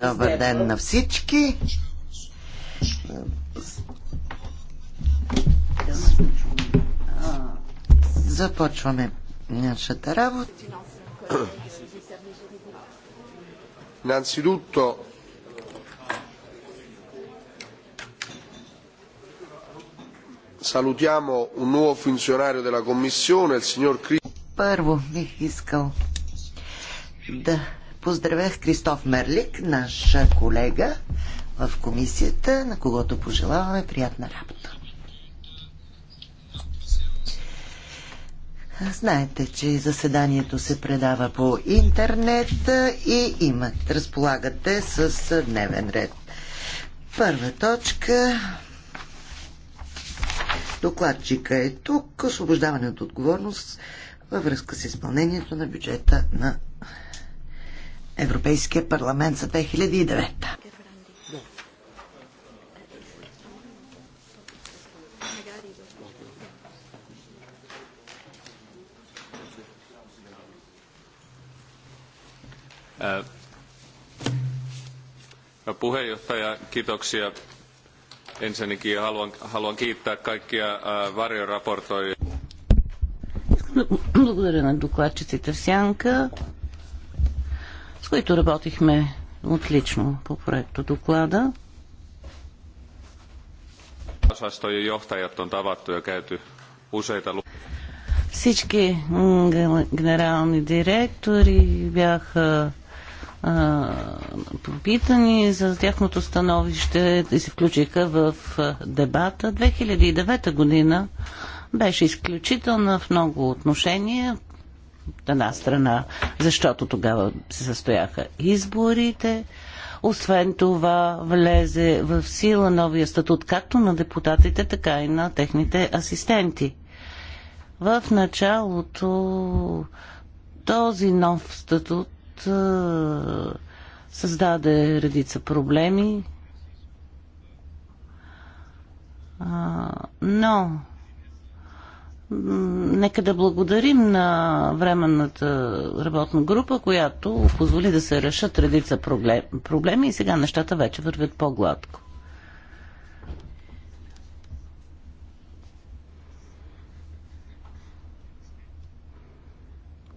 Добър ден на всички. Започваме нашата работа. Innanzitutto salutiamo un nuovo funzionario della Commissione, il signor Cristo. Първо бих искал да Поздравях Кристоф Мерлик, наш колега в комисията, на когото пожелаваме приятна работа. Знаете, че заседанието се предава по интернет и имат, разполагате с дневен ред. Първа точка. Докладчика е тук. Освобождаване от отговорност във връзка с изпълнението на бюджета на Европейския парламент за 2009. puheenjohtaja, kiitoksia. Ensinnäkin haluan, haluan kiittää kaikkia varjoraportoijia. Благодаря на докладчиците в Сянка с които работихме отлично по проекто доклада. Всички генерални директори бяха а, попитани за тяхното становище и се включиха в дебата. 2009 година беше изключителна в много отношения от една страна, защото тогава се състояха изборите. Освен това, влезе в сила новия статут както на депутатите, така и на техните асистенти. В началото този нов статут създаде редица проблеми, но Нека да благодарим на временната работна група, която позволи да се решат редица проблеми и сега нещата вече вървят по-гладко.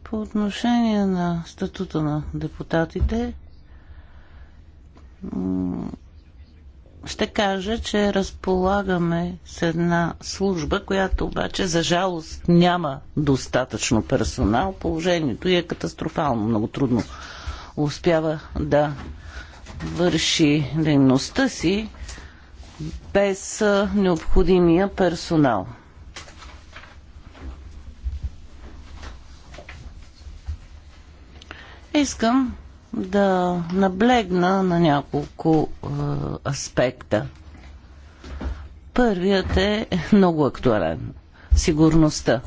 По отношение на статута на депутатите, ще кажа, че разполагаме с една служба, която обаче за жалост няма достатъчно персонал. Положението е катастрофално, много трудно успява да върши дейността си без необходимия персонал. Искам да наблегна на няколко е, аспекта. Първият е много актуален. Сигурността.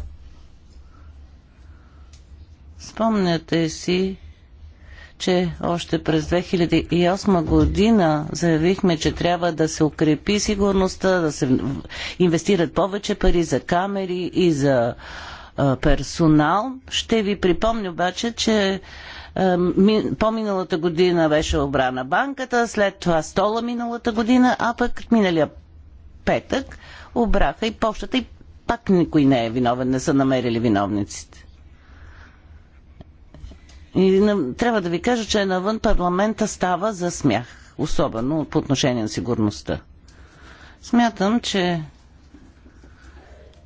Спомняте си, че още през 2008 година заявихме, че трябва да се укрепи сигурността, да се инвестират повече пари за камери и за е, персонал. Ще ви припомня обаче, че е, по-миналата година беше обрана банката, след това стола миналата година, а пък миналия петък обраха и почтата и пак никой не е виновен, не са намерили виновниците. И трябва да ви кажа, че навън парламента става за смях, особено по отношение на сигурността. Смятам, че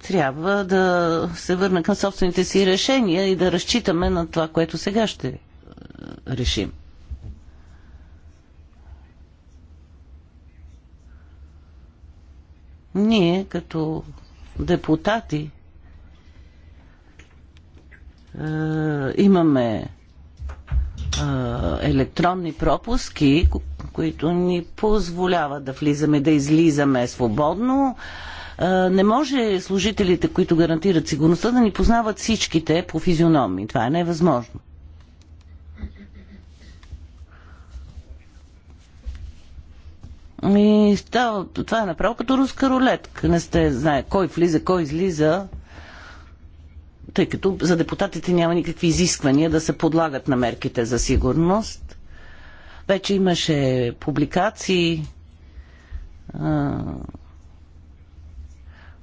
трябва да се върна към собствените си решения и да разчитаме на това, което сега ще решим. Ние като депутати е, имаме е, електронни пропуски, които ни позволяват да влизаме, да излизаме свободно. Е, не може служителите, които гарантират сигурността, да ни познават всичките по физиономи. Това е невъзможно. И става, това е направо като руска рулетка. Не сте знае кой влиза, кой излиза, тъй като за депутатите няма никакви изисквания да се подлагат на мерките за сигурност. Вече имаше публикации а,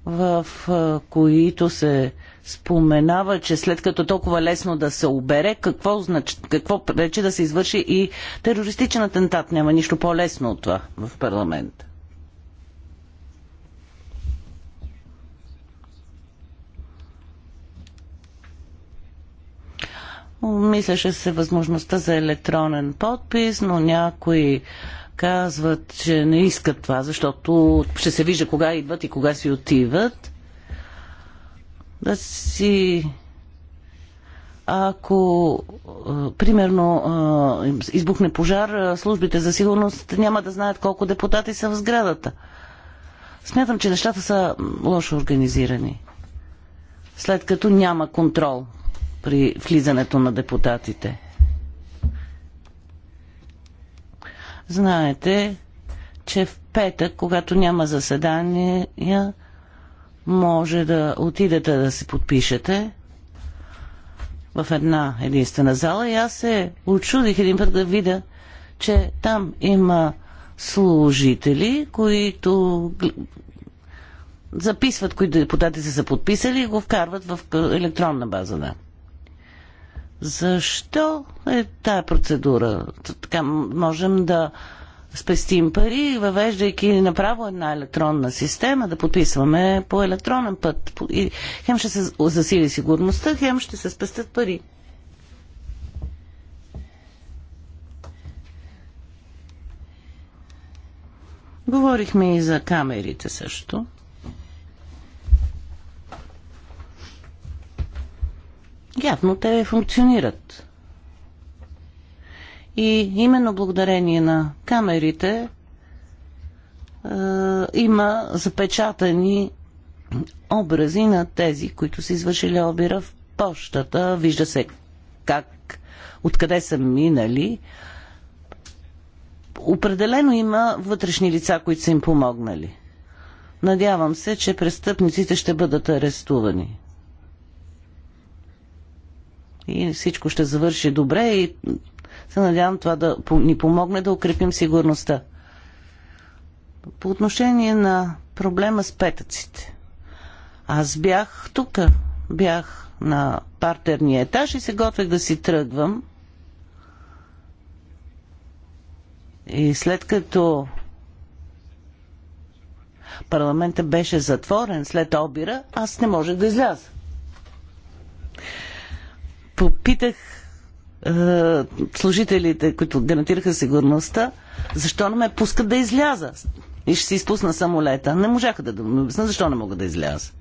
в а, които се споменава, че след като е толкова лесно да се обере, какво, знач... какво пречи да се извърши и терористичен атентат? Няма нищо по-лесно от това в парламента. Мислеше се възможността за електронен подпис, но някои казват, че не искат това, защото ще се вижда кога идват и кога си отиват да си ако примерно избухне пожар, службите за сигурност няма да знаят колко депутати са в сградата. Смятам, че нещата са лошо организирани. След като няма контрол при влизането на депутатите. Знаете, че в петък, когато няма заседания, може да отидете да се подпишете в една единствена зала и аз се очудих един път да видя, че там има служители, които записват, които депутати се са подписали и го вкарват в електронна база, да. Защо е тая процедура? Така можем да спестим пари, въвеждайки направо една електронна система, да подписваме по електронен път. И хем ще се засили сигурността, хем ще се спестят пари. Говорихме и за камерите също. Явно те функционират. И именно благодарение на камерите е, има запечатани образи на тези, които са извършили обира в почтата. Вижда се как, откъде са минали. Определено има вътрешни лица, които са им помогнали. Надявам се, че престъпниците ще бъдат арестувани. И всичко ще завърши добре и се надявам това да ни помогне да укрепим сигурността. По отношение на проблема с петъците. Аз бях тук, бях на партерния етаж и се готвех да си тръгвам. И след като парламента беше затворен след обира, аз не можех да изляза. Попитах е, служителите, които гарантираха сигурността, защо не ме пускат да изляза? И ще си изпусна самолета. Не можаха да ме обясна защо не мога да изляза.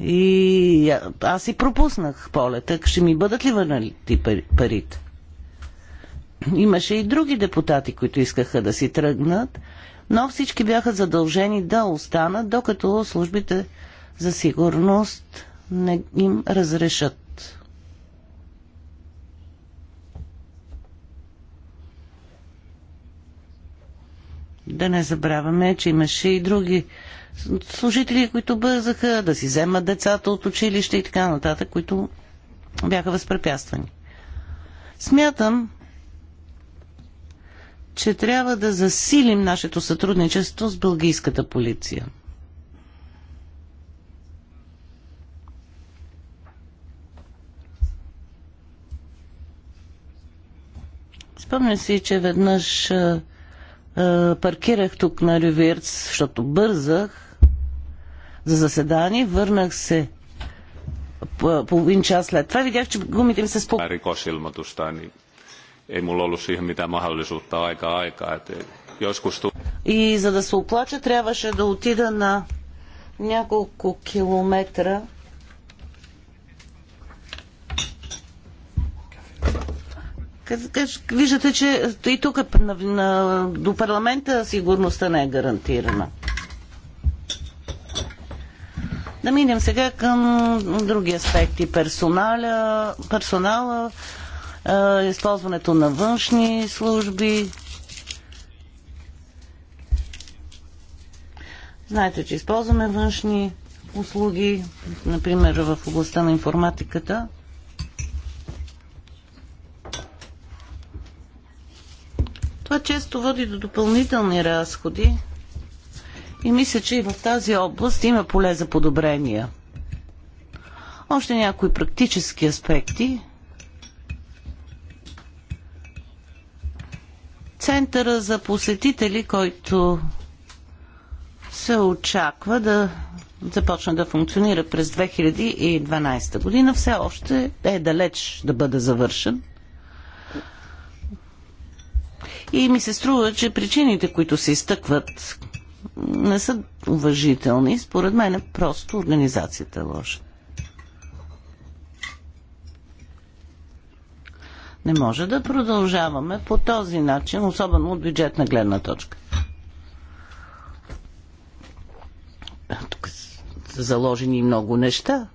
И аз и пропуснах полета. Ще ми бъдат ли върнати парите? Имаше и други депутати, които искаха да си тръгнат, но всички бяха задължени да останат, докато службите за сигурност не им разрешат. да не забравяме, че имаше и други служители, които бързаха да си вземат децата от училище и така нататък, които бяха възпрепятствани. Смятам, че трябва да засилим нашето сътрудничество с бългийската полиция. Спомням си, че веднъж е, паркирах тук на Рювирц, защото бързах за заседание, върнах се половин час след това, видях, че гумите ми се спукат. Rikosilmoitusta, niin ei mulla ollut siihen mitään mahdollisuutta aikaa aikaa. Et joskus tu... И за да се оплача, трябваше да отида на няколко километра Виждате, че и тук на, на, до парламента сигурността не е гарантирана. Да минем сега към други аспекти. Персонала, персонала е, използването на външни служби. Знаете, че използваме външни услуги, например в областта на информатиката. Това често води до допълнителни разходи и мисля, че и в тази област има поле за подобрения. Още някои практически аспекти. Центъра за посетители, който се очаква да започне да функционира през 2012 година, все още е далеч да бъде завършен. И ми се струва, че причините, които се изтъкват, не са уважителни. Според мен е просто организацията е лоша. Не може да продължаваме по този начин, особено от бюджетна гледна точка. тук са заложени много неща.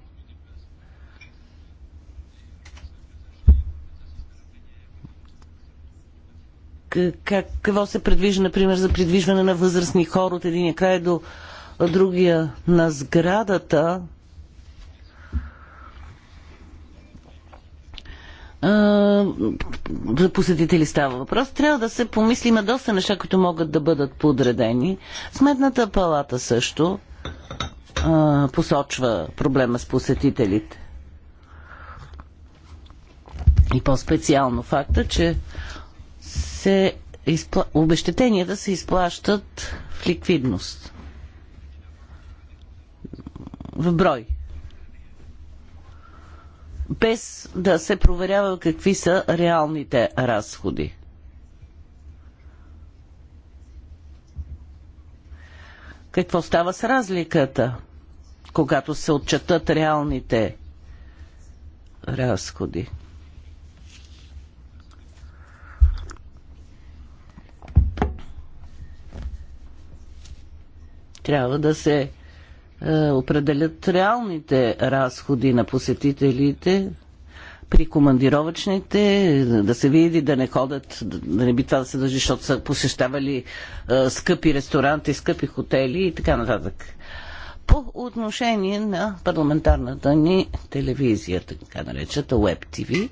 как, какво се предвижда, например, за придвижване на възрастни хора от единия край до другия на сградата. За посетители става въпрос. Трябва да се има доста неща, които могат да бъдат подредени. Сметната палата също а, посочва проблема с посетителите. И по-специално факта, че се изпла... обещетенията се изплащат в ликвидност. В брой. Без да се проверява какви са реалните разходи. Какво става с разликата, когато се отчетат реалните разходи? трябва да се е, определят реалните разходи на посетителите при командировъчните, да се види да не ходят, да не би това да се държи, защото са посещавали е, скъпи ресторанти, скъпи хотели и така нататък. По отношение на парламентарната ни телевизия, така наречата Web TV,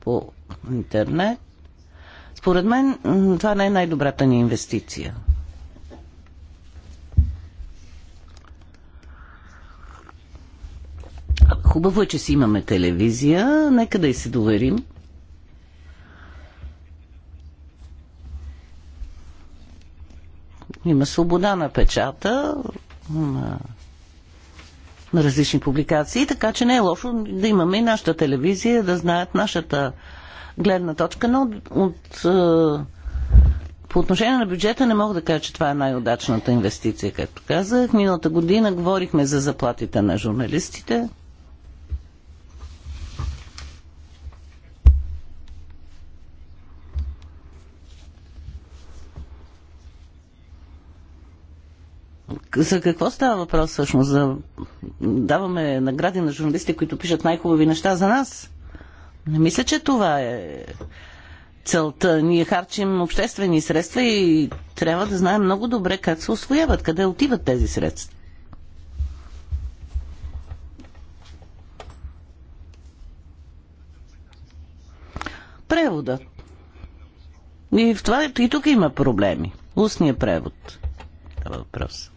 по интернет, според мен това не е най-добрата ни инвестиция. Хубаво е, че си имаме телевизия. Нека да й се доверим. Има свобода на печата, на, на различни публикации, така че не е лошо да имаме и нашата телевизия, да знаят нашата гледна точка, но от, от е, по отношение на бюджета не мога да кажа, че това е най-удачната инвестиция, както казах. Миналата година говорихме за заплатите на журналистите. за какво става въпрос всъщност? За... Даваме награди на журналисти, които пишат най-хубави неща за нас. Не мисля, че това е целта. Ние харчим обществени средства и трябва да знаем много добре как се освояват, къде отиват тези средства. Преводът. И, в това, и тук има проблеми. Устния превод. Това Въпрос.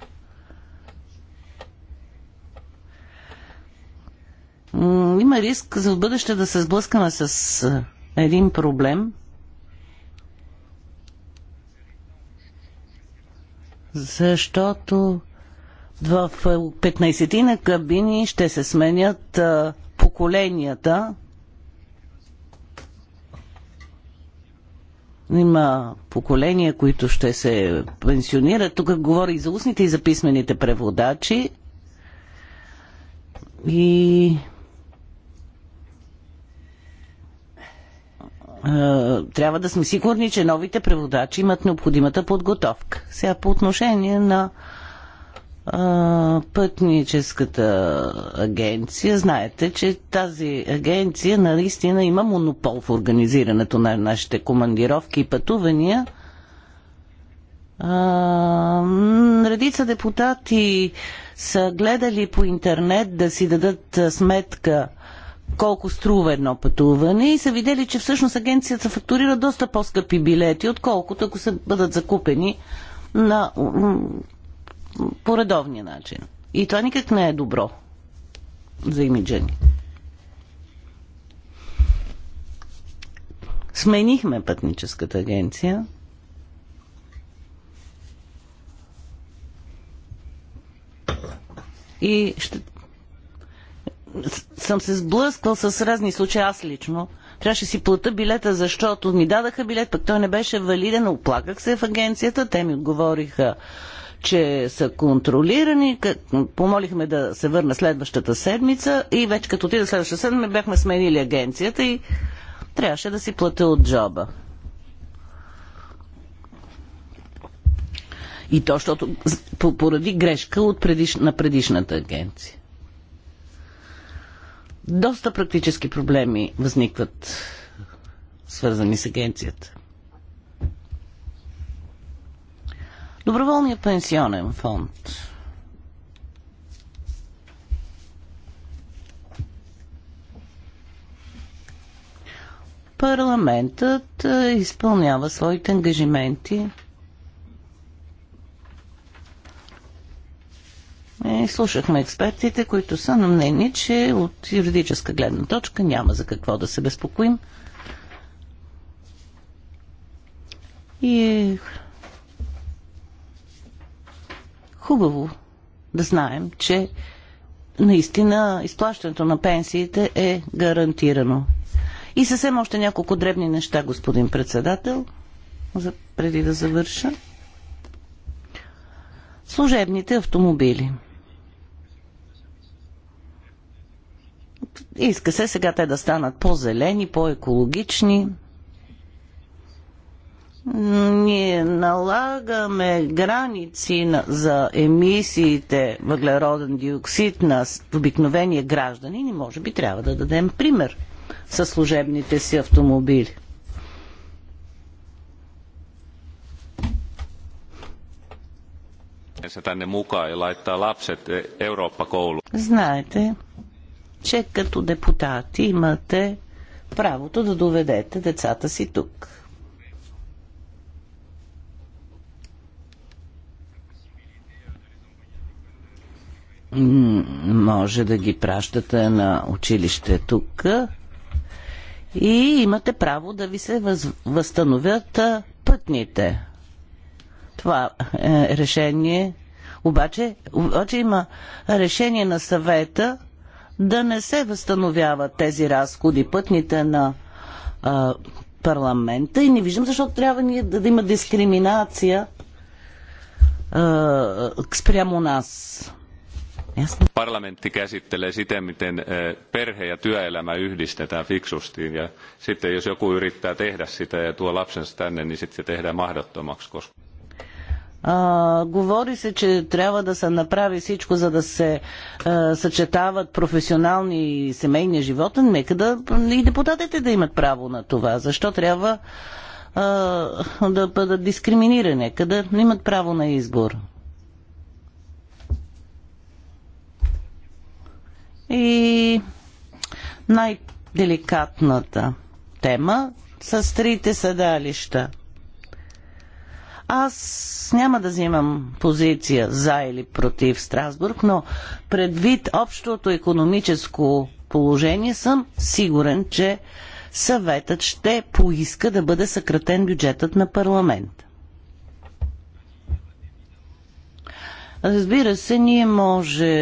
има риск за бъдеще да се сблъскаме с е, един проблем, защото в 15 ти на кабини ще се сменят е, поколенията. Има поколения, които ще се пенсионират. Тук говори и за устните, и за писмените преводачи. И Е, трябва да сме сигурни, че новите преводачи имат необходимата подготовка. Сега по отношение на е, пътническата агенция. Знаете, че тази агенция наистина има монопол в организирането на нашите командировки и пътувания. Е, редица депутати са гледали по интернет да си дадат сметка колко струва едно пътуване и са видели, че всъщност агенцията фактурира доста по-скъпи билети, отколкото ако се бъдат закупени на, по редовния начин. И това никак не е добро за имиджа ни. Сменихме пътническата агенция. И ще съм се сблъсквал с разни случаи, аз лично. Трябваше си плата билета, защото ми дадаха билет, пък той не беше валиден. Оплаках се в агенцията, те ми отговориха, че са контролирани. Помолихме да се върна следващата седмица и вече като отида следващата седмица бяхме сменили агенцията и трябваше да си плата от джоба. И то, защото поради грешка от предиш... на предишната агенция. Доста практически проблеми възникват, свързани с агенцията. Доброволният пенсионен фонд. Парламентът е, изпълнява своите ангажименти Е, слушахме експертите, които са на мнение, че от юридическа гледна точка няма за какво да се безпокоим. И е хубаво да знаем, че наистина изплащането на пенсиите е гарантирано. И съвсем още няколко дребни неща, господин председател, за, преди да завърша. Служебните автомобили – Иска се сега те да станат по-зелени, по-екологични. Ние налагаме граници на, за емисиите въглероден диоксид на обикновения гражданин и може би трябва да дадем пример със служебните си автомобили. Знаете, че като депутати имате правото да доведете децата си тук. Може да ги пращате на училище тук и имате право да ви се въз... възстановят пътните. Това е решение. Обаче, обаче има решение на съвета, да не се възстановяват тези разходи, пътните на а, парламента и не виждам защо трябва ние да, да има дискриминация а, спрямо нас. Parlamentti käsittelee sitä, miten perhe ja työelämä yhdistetään fiksusti. Ja sitten jos joku yrittää tehdä sitä ja tuo lapsensa tänne, niin sitten se tehdään mahdottomaksi. Koska... А, говори се, че трябва да се направи всичко, за да се а, съчетават професионални и семейния живот. Нека да и депутатите да имат право на това. Защо трябва а, да бъдат дискриминирани? Нека да имат право на избор. И най-деликатната тема с трите седалища – аз няма да взимам позиция за или против Страсбург, но предвид общото економическо положение съм сигурен, че съветът ще поиска да бъде съкратен бюджетът на парламент. Разбира се, ние може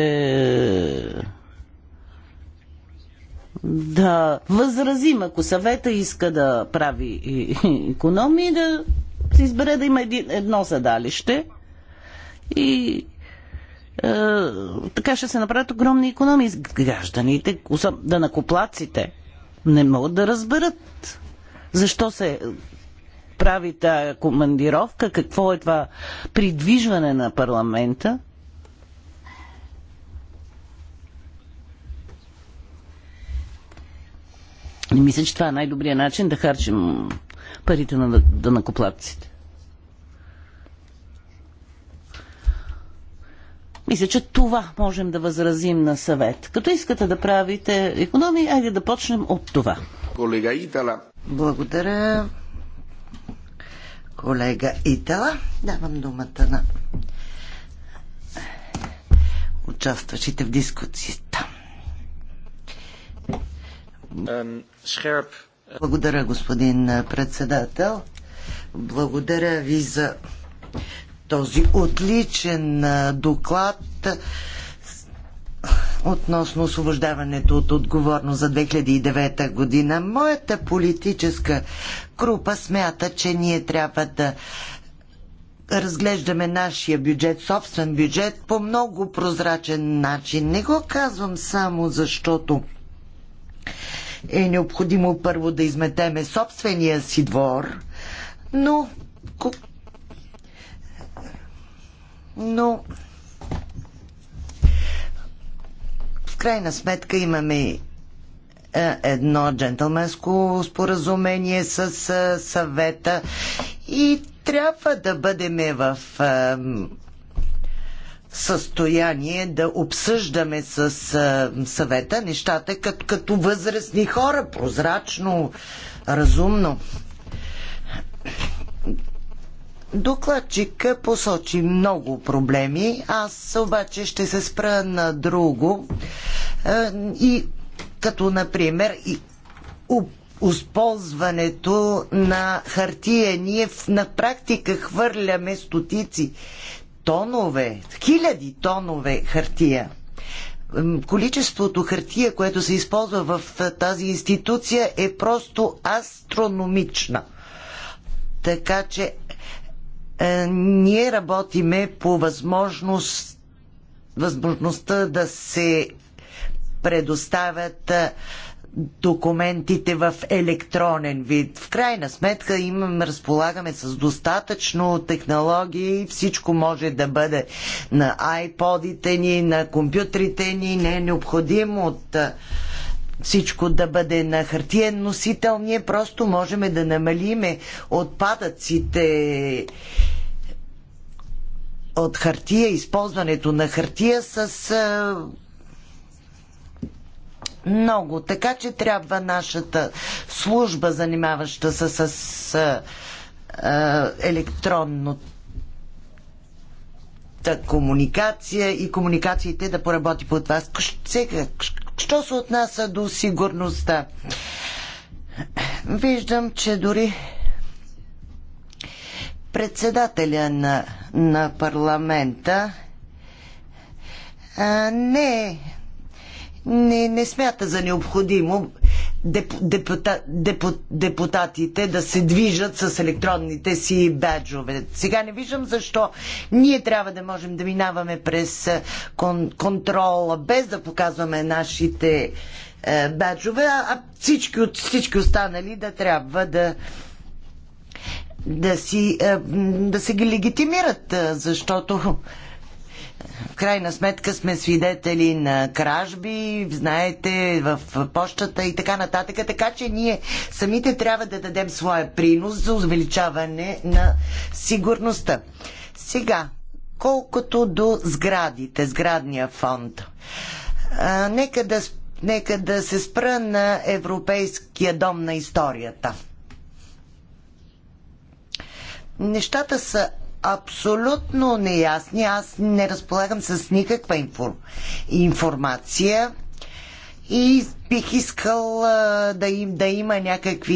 да възразим, ако съвета иска да прави економии, да се избере да има един, едно седалище и е, така ще се направят огромни економии. Гражданите, данакоплаците, не могат да разберат защо се прави тая командировка, какво е това придвижване на парламента. Не мисля, че това е най-добрият начин да харчим парите на данакоплатците. Мисля, че това можем да възразим на съвет. Като искате да правите економии, айде да почнем от това. Колега Итала. Благодаря, колега Итала. Давам думата на участващите в дискусията. Scherp благодаря, господин председател. Благодаря ви за този отличен доклад относно освобождаването от отговорност за 2009 година. Моята политическа група смята, че ние трябва да разглеждаме нашия бюджет, собствен бюджет, по много прозрачен начин. Не го казвам само защото е необходимо първо да изметеме собствения си двор, но но в крайна сметка имаме е, едно джентлменско споразумение с е, съвета и трябва да бъдем в е, състояние да обсъждаме с съвета нещата като, като възрастни хора, прозрачно, разумно. Докладчика посочи много проблеми, аз обаче ще се спра на друго и като например и използването на хартия. Ние на практика хвърляме стотици тонове, хиляди тонове хартия. Количеството хартия, което се използва в тази институция е просто астрономична. Така че е, ние работиме по възможност, възможността да се предоставят е, документите в електронен вид. В крайна сметка имам, разполагаме с достатъчно технологии и всичко може да бъде на айподите ни, на компютрите ни. Не е необходимо от всичко да бъде на хартиен носител. Ние просто можем да намалиме отпадъците от хартия, използването на хартия с много. Така че трябва нашата служба, занимаваща се с, с а, електронно комуникация и комуникациите да поработи под вас. Сега, що се отнася до сигурността? Виждам, че дори председателя на, на парламента а, не е не, не смята за необходимо депута, депутатите да се движат с електронните си баджове. Сега не виждам защо ние трябва да можем да минаваме през е, кон, контрола без да показваме нашите е, баджове, а всички, всички останали да трябва да да си е, да се ги легитимират, е, защото в крайна сметка сме свидетели на кражби, знаете, в почтата и така нататък. Така че ние самите трябва да дадем своя принос за увеличаване на сигурността. Сега, колкото до сградите, сградния фонд. А, нека, да, нека да се спра на Европейския дом на историята. Нещата са абсолютно неясни. Аз не разполагам с никаква инфор... информация и бих искал а, да, им, да има някакви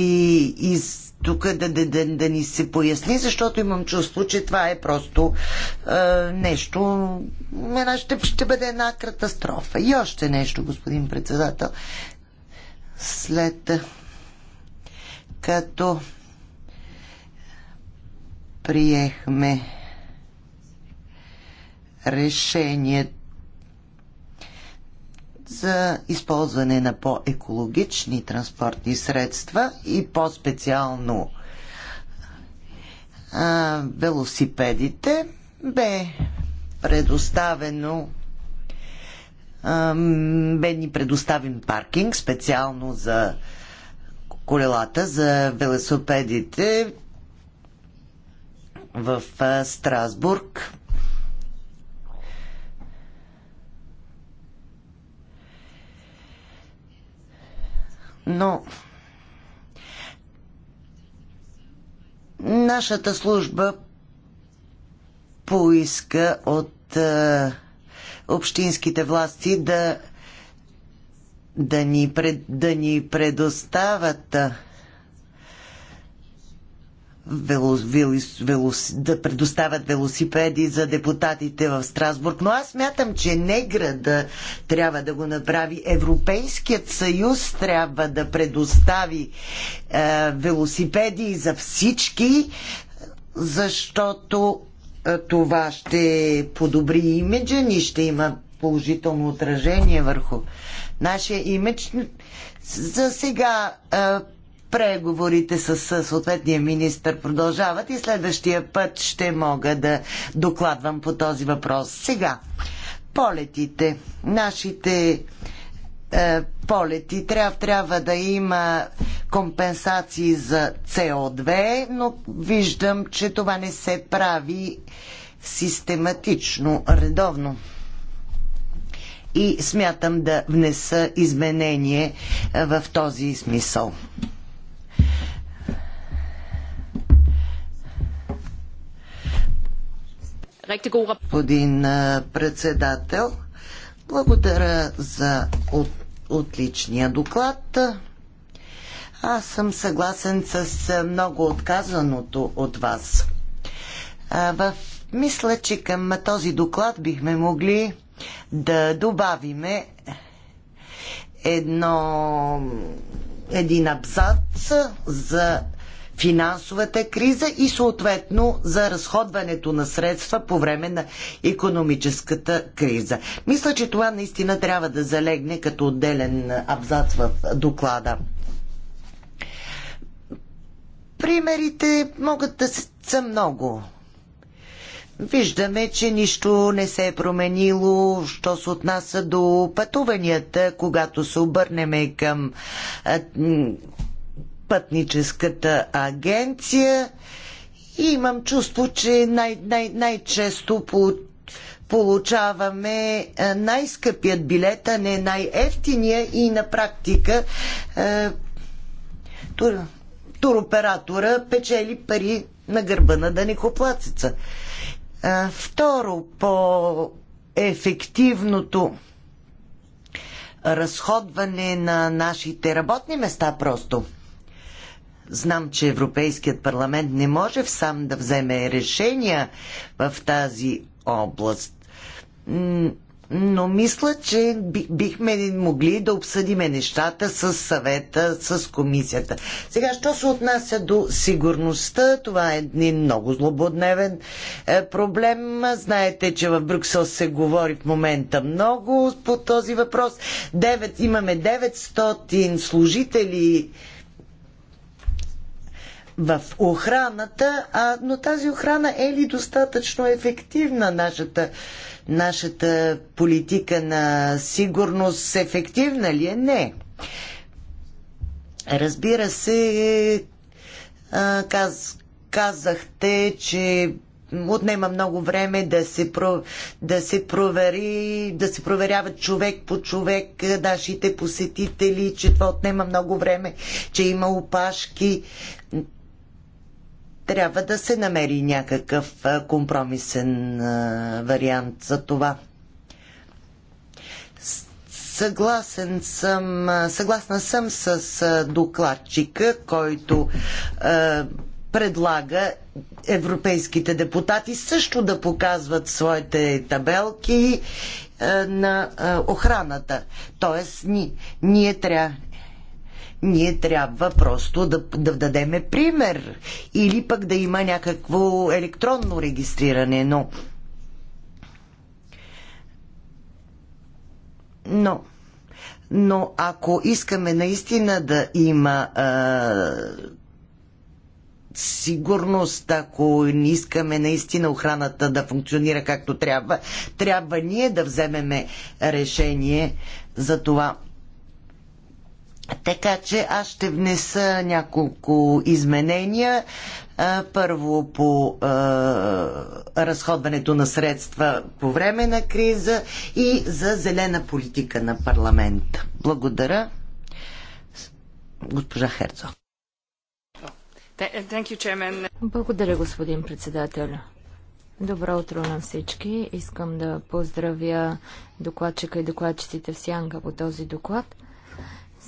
из... тук да, да, да, да ни се поясни, защото имам чувство, че това е просто а, нещо. Една ще, ще бъде една катастрофа. И още нещо, господин председател. След като приехме решение за използване на по-екологични транспортни средства и по-специално велосипедите бе предоставено а, бе ни предоставен паркинг специално за колелата, за велосипедите в Страсбург. Но нашата служба поиска от а, общинските власти да, да, ни, пред, да ни предоставят вело, да предоставят велосипеди за депутатите в Страсбург. Но аз мятам, че не града трябва да го направи. Европейският съюз трябва да предостави е, велосипеди за всички, защото е, това ще подобри имиджа ни, ще има положително отражение върху нашия имидж. За сега е, преговорите с съответния министр продължават и следващия път ще мога да докладвам по този въпрос. Сега, полетите, нашите е, полети, трябва, трябва да има компенсации за CO2, но виждам, че това не се прави систематично, редовно и смятам да внеса изменение е, в този смисъл. Господин председател, благодаря за от, отличния доклад. Аз съм съгласен с много отказаното от вас. В, мисля, че към този доклад бихме могли да добавиме едно, един абзац за финансовата криза и съответно за разходването на средства по време на економическата криза. Мисля, че това наистина трябва да залегне като отделен абзац в доклада. Примерите могат да са много. Виждаме, че нищо не се е променило, що се отнася до пътуванията, когато се обърнеме към пътническата агенция и имам чувство, че най- най- най-често по- получаваме е, най-скъпият билет, а не най-ефтиния и на практика е, тур, туроператора печели пари на гърба на данекоплацеца. Е, второ, по ефективното разходване на нашите работни места просто – Знам, че Европейският парламент не може сам да вземе решения в тази област. Но мисля, че бихме могли да обсъдиме нещата с съвета, с комисията. Сега, що се отнася до сигурността, това е един много злободневен е, проблем. Знаете, че в Брюксел се говори в момента много по този въпрос. 9, имаме 900 служители в охраната, а, но тази охрана е ли достатъчно ефективна? Нашата, нашата политика на сигурност ефективна ли е? Не. Разбира се, а, каз, казахте, че отнема много време да се, про, да се провери, да се проверява човек по човек нашите посетители, че това отнема много време, че има опашки трябва да се намери някакъв компромисен вариант за това. Съгласен съм, съгласна съм с докладчика, който е, предлага европейските депутати също да показват своите табелки е, на е, охраната. Тоест, ни, ние трябва ние трябва просто да, да дадеме пример или пък да има някакво електронно регистриране, но но но ако искаме наистина да има а, сигурност, ако не искаме наистина охраната да функционира както трябва, трябва ние да вземеме решение за това. Така че аз ще внеса няколко изменения. Първо по е, разходването на средства по време на криза и за зелена политика на парламента. Благодаря. Госпожа Херцо. Благодаря, господин председател. Добро утро на всички. Искам да поздравя докладчика и докладчиците в Сянка по този доклад –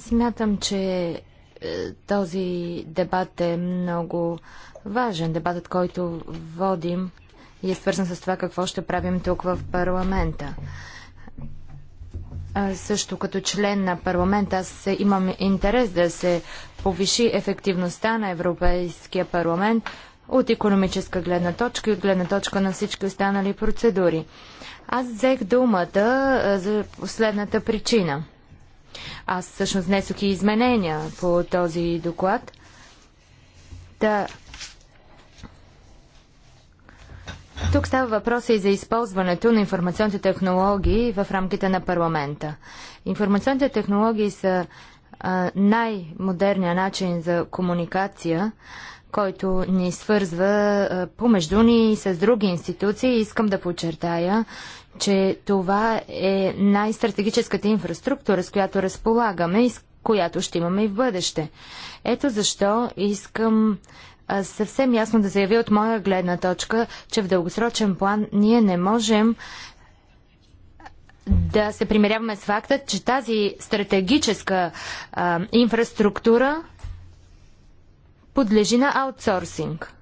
Смятам, че е, този дебат е много важен. Дебатът, който водим и е свързан с това какво ще правим тук в парламента. А също като член на парламента аз имам интерес да се повиши ефективността на Европейския парламент от економическа гледна точка и от гледна точка на всички останали процедури. Аз взех думата за последната причина. Аз всъщност внесох и изменения по този доклад. Да. Тук става въпрос и за използването на информационните технологии в рамките на парламента. Информационните технологии са най модерният начин за комуникация, който ни свързва помежду ни и с други институции. Искам да подчертая, че това е най-стратегическата инфраструктура, с която разполагаме и с която ще имаме и в бъдеще. Ето защо искам съвсем ясно да заявя от моя гледна точка, че в дългосрочен план ние не можем да се примиряваме с факта, че тази стратегическа а, инфраструктура подлежи на аутсорсинг.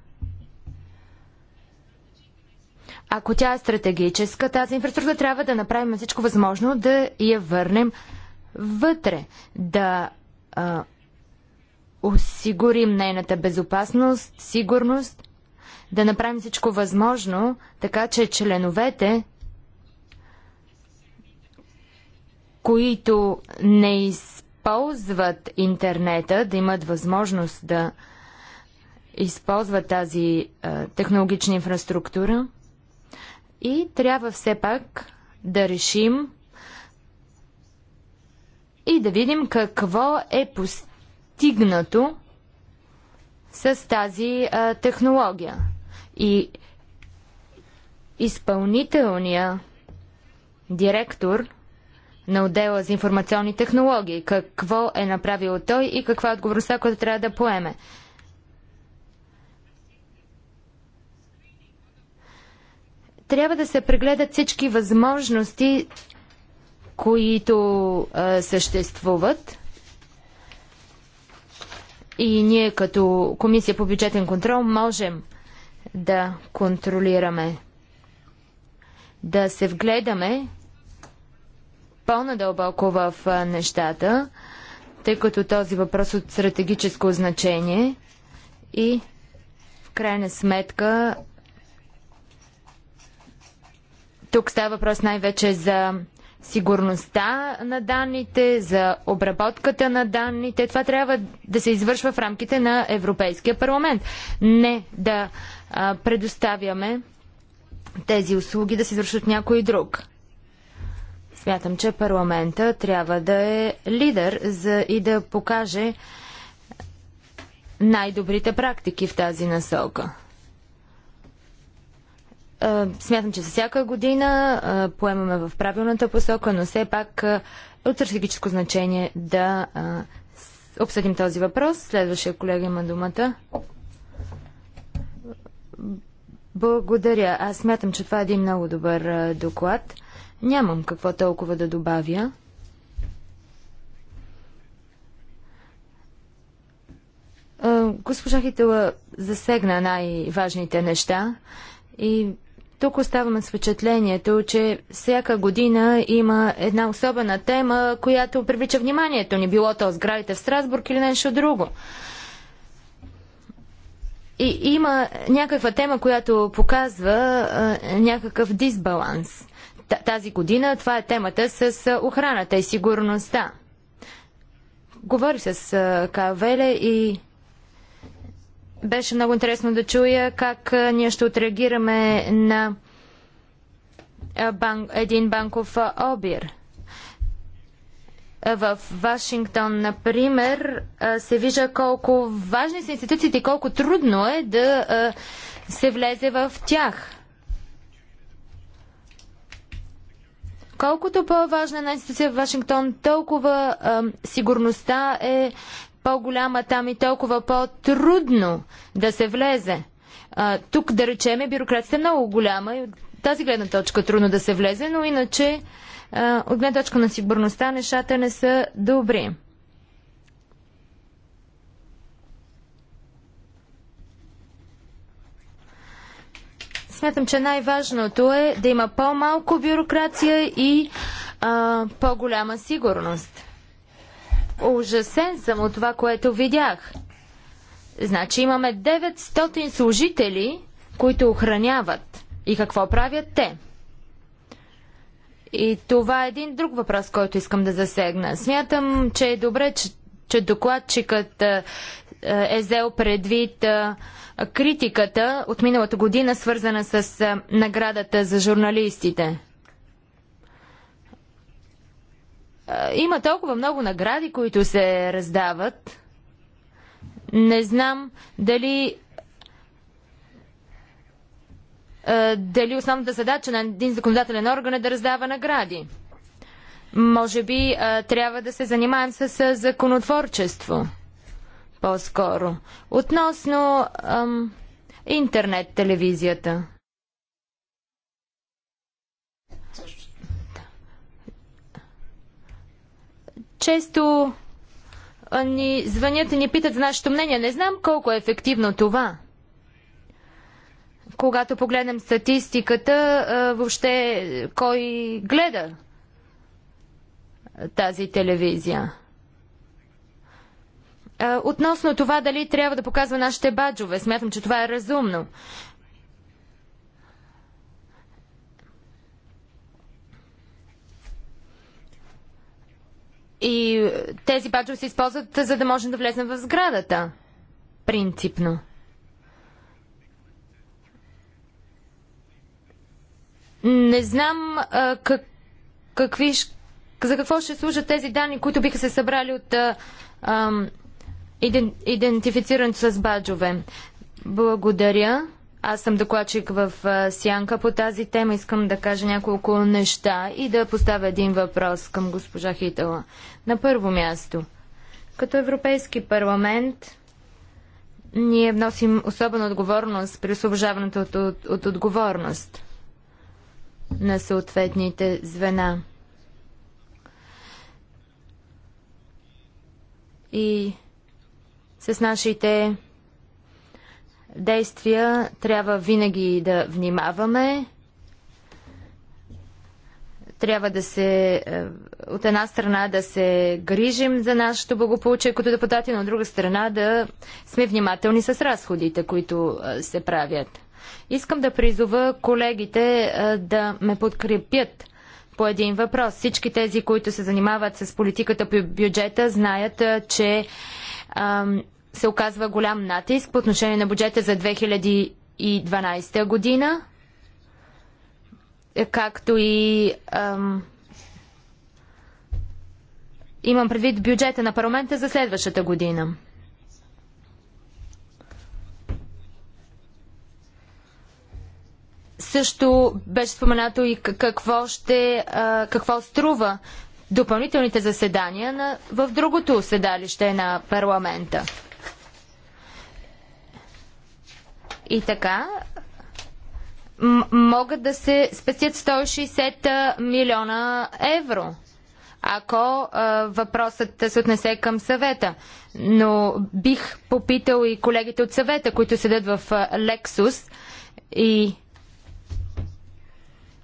Ако тя е стратегическа, тази инфраструктура трябва да направим всичко възможно да я върнем вътре, да а, осигурим нейната безопасност, сигурност, да направим всичко възможно, така че членовете, които не използват интернета, да имат възможност да използват тази а, технологична инфраструктура. И трябва все пак да решим и да видим какво е постигнато с тази а, технология. И изпълнителния директор на отдела за информационни технологии, какво е направил той и каква е отговорността, която трябва да поеме. Трябва да се прегледат всички възможности, които а, съществуват. И ние като Комисия по бюджетен контрол можем да контролираме, да се вгледаме по-надълбоко в а, нещата, тъй като този въпрос е от стратегическо значение и в крайна сметка тук става въпрос най-вече за сигурността на данните, за обработката на данните. Това трябва да се извършва в рамките на Европейския парламент. Не да а, предоставяме тези услуги да се извършват някой друг. Смятам, че парламента трябва да е лидер за и да покаже най-добрите практики в тази насока. Смятам, че за всяка година поемаме в правилната посока, но все пак е от стратегическо значение да обсъдим този въпрос. Следващия колега има думата. Благодаря. Аз смятам, че това е един много добър доклад. Нямам какво толкова да добавя. Госпожа Хитела засегна най-важните неща и тук оставаме с впечатлението, че всяка година има една особена тема, която привлича вниманието ни, било то сградите в Страсбург или нещо друго. И има някаква тема, която показва а, някакъв дисбаланс. Тази година това е темата с охраната и сигурността. Говори с Кавеле и беше много интересно да чуя как ние ще отреагираме на един банков обир. В Вашингтон, например, се вижда колко важни са институциите и колко трудно е да се влезе в тях. Колкото по-важна е на институция в Вашингтон, толкова а, сигурността е по-голяма там и толкова по-трудно да се влезе. А, тук, да речем, бюрокрацията е много голяма и от тази гледна точка трудно да се влезе, но иначе а, от гледна точка на сигурността нещата не са добри. Смятам, че най-важното е да има по-малко бюрокрация и а, по-голяма сигурност. Ужасен съм от това, което видях. Значи имаме 900 служители, които охраняват. И какво правят те? И това е един друг въпрос, който искам да засегна. Смятам, че е добре, че, че докладчикът е, е взел предвид е, критиката от миналата година, свързана с е, наградата за журналистите. Има толкова много награди, които се раздават. Не знам дали дали основната задача на един законодателен орган е да раздава награди. Може би трябва да се занимаем с законотворчество по-скоро. Относно ам, интернет телевизията. Често ни звънят и ни питат за нашето мнение. Не знам колко е ефективно това. Когато погледнем статистиката, въобще кой гледа тази телевизия? Относно това дали трябва да показва нашите баджове, смятам, че това е разумно. И тези баджове се използват, за да можем да влезем в сградата. Принципно. Не знам а, как, какви, за какво ще служат тези данни, които биха се събрали от а, а, иден, идентифицирането с баджове. Благодаря. Аз съм докладчик в Сянка по тази тема. Искам да кажа няколко неща и да поставя един въпрос към госпожа Хитала. На първо място, като Европейски парламент, ние носим особена отговорност при освобождаването от, от, от отговорност на съответните звена. И с нашите действия трябва винаги да внимаваме. Трябва да се, е, от една страна да се грижим за нашето благополучие като депутати, но от друга страна да сме внимателни с разходите, които е, се правят. Искам да призова колегите е, да ме подкрепят по един въпрос. Всички тези, които се занимават с политиката по бюджета, знаят, че се оказва голям натиск по отношение на бюджета за 2012 година, както и ам, имам предвид бюджета на парламента за следващата година. Също беше споменато и какво ще, а, какво струва допълнителните заседания на, в другото седалище на парламента. И така, могат да се спестят 160 милиона евро, ако а, въпросът се отнесе към съвета. Но бих попитал и колегите от съвета, които седят в Лексус и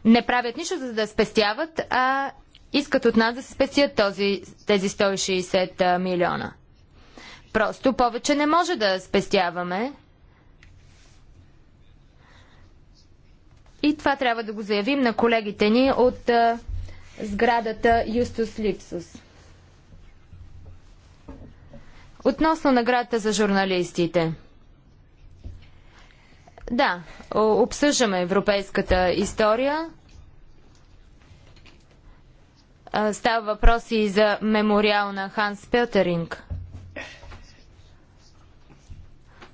не правят нищо за да спестяват, а искат от нас да се спестят този, тези 160 милиона. Просто повече не може да спестяваме. И това трябва да го заявим на колегите ни от а, сградата Юстус Липсус. Относно наградата за журналистите. Да, обсъждаме европейската история. Става въпрос и за мемориал на Ханс Петеринг.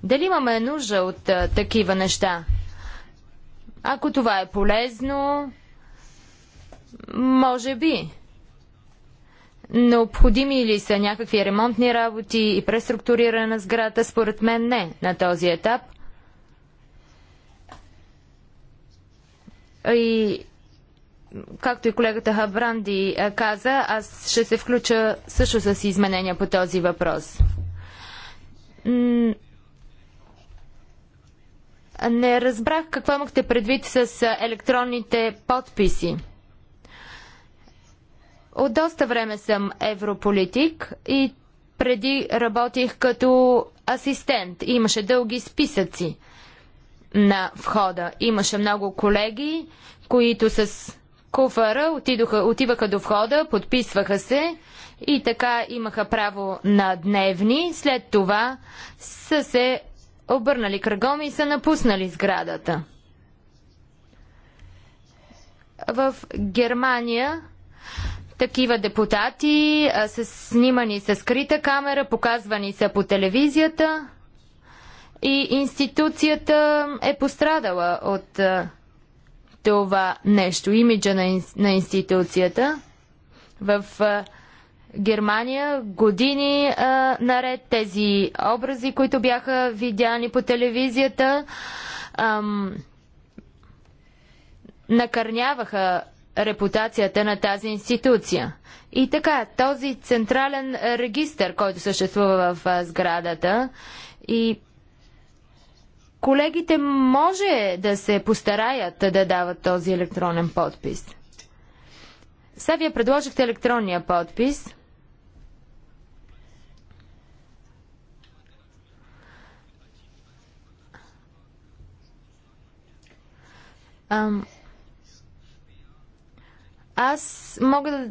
Дали имаме нужда от а, такива неща? Ако това е полезно, може би. Необходими ли са някакви ремонтни работи и преструктуриране на сграда? Според мен не на този етап. И както и колегата Хабранди каза, аз ще се включа също с изменения по този въпрос. Не разбрах какво имахте предвид с електронните подписи. От доста време съм европолитик и преди работих като асистент. Имаше дълги списъци на входа. Имаше много колеги, които с куфара отидоха, отиваха до входа, подписваха се и така имаха право на дневни. След това са се обърнали кръгом и са напуснали сградата. В Германия такива депутати а, са снимани с скрита камера, показвани са по телевизията и институцията е пострадала от а, това нещо, имиджа на, на институцията. В а, Германия години а, наред тези образи, които бяха видяни по телевизията, ам, накърняваха репутацията на тази институция. И така, този централен регистр, който съществува в а, сградата и колегите може да се постараят да дават този електронен подпис. Сега вие предложихте електронния подпис – Аз мога да...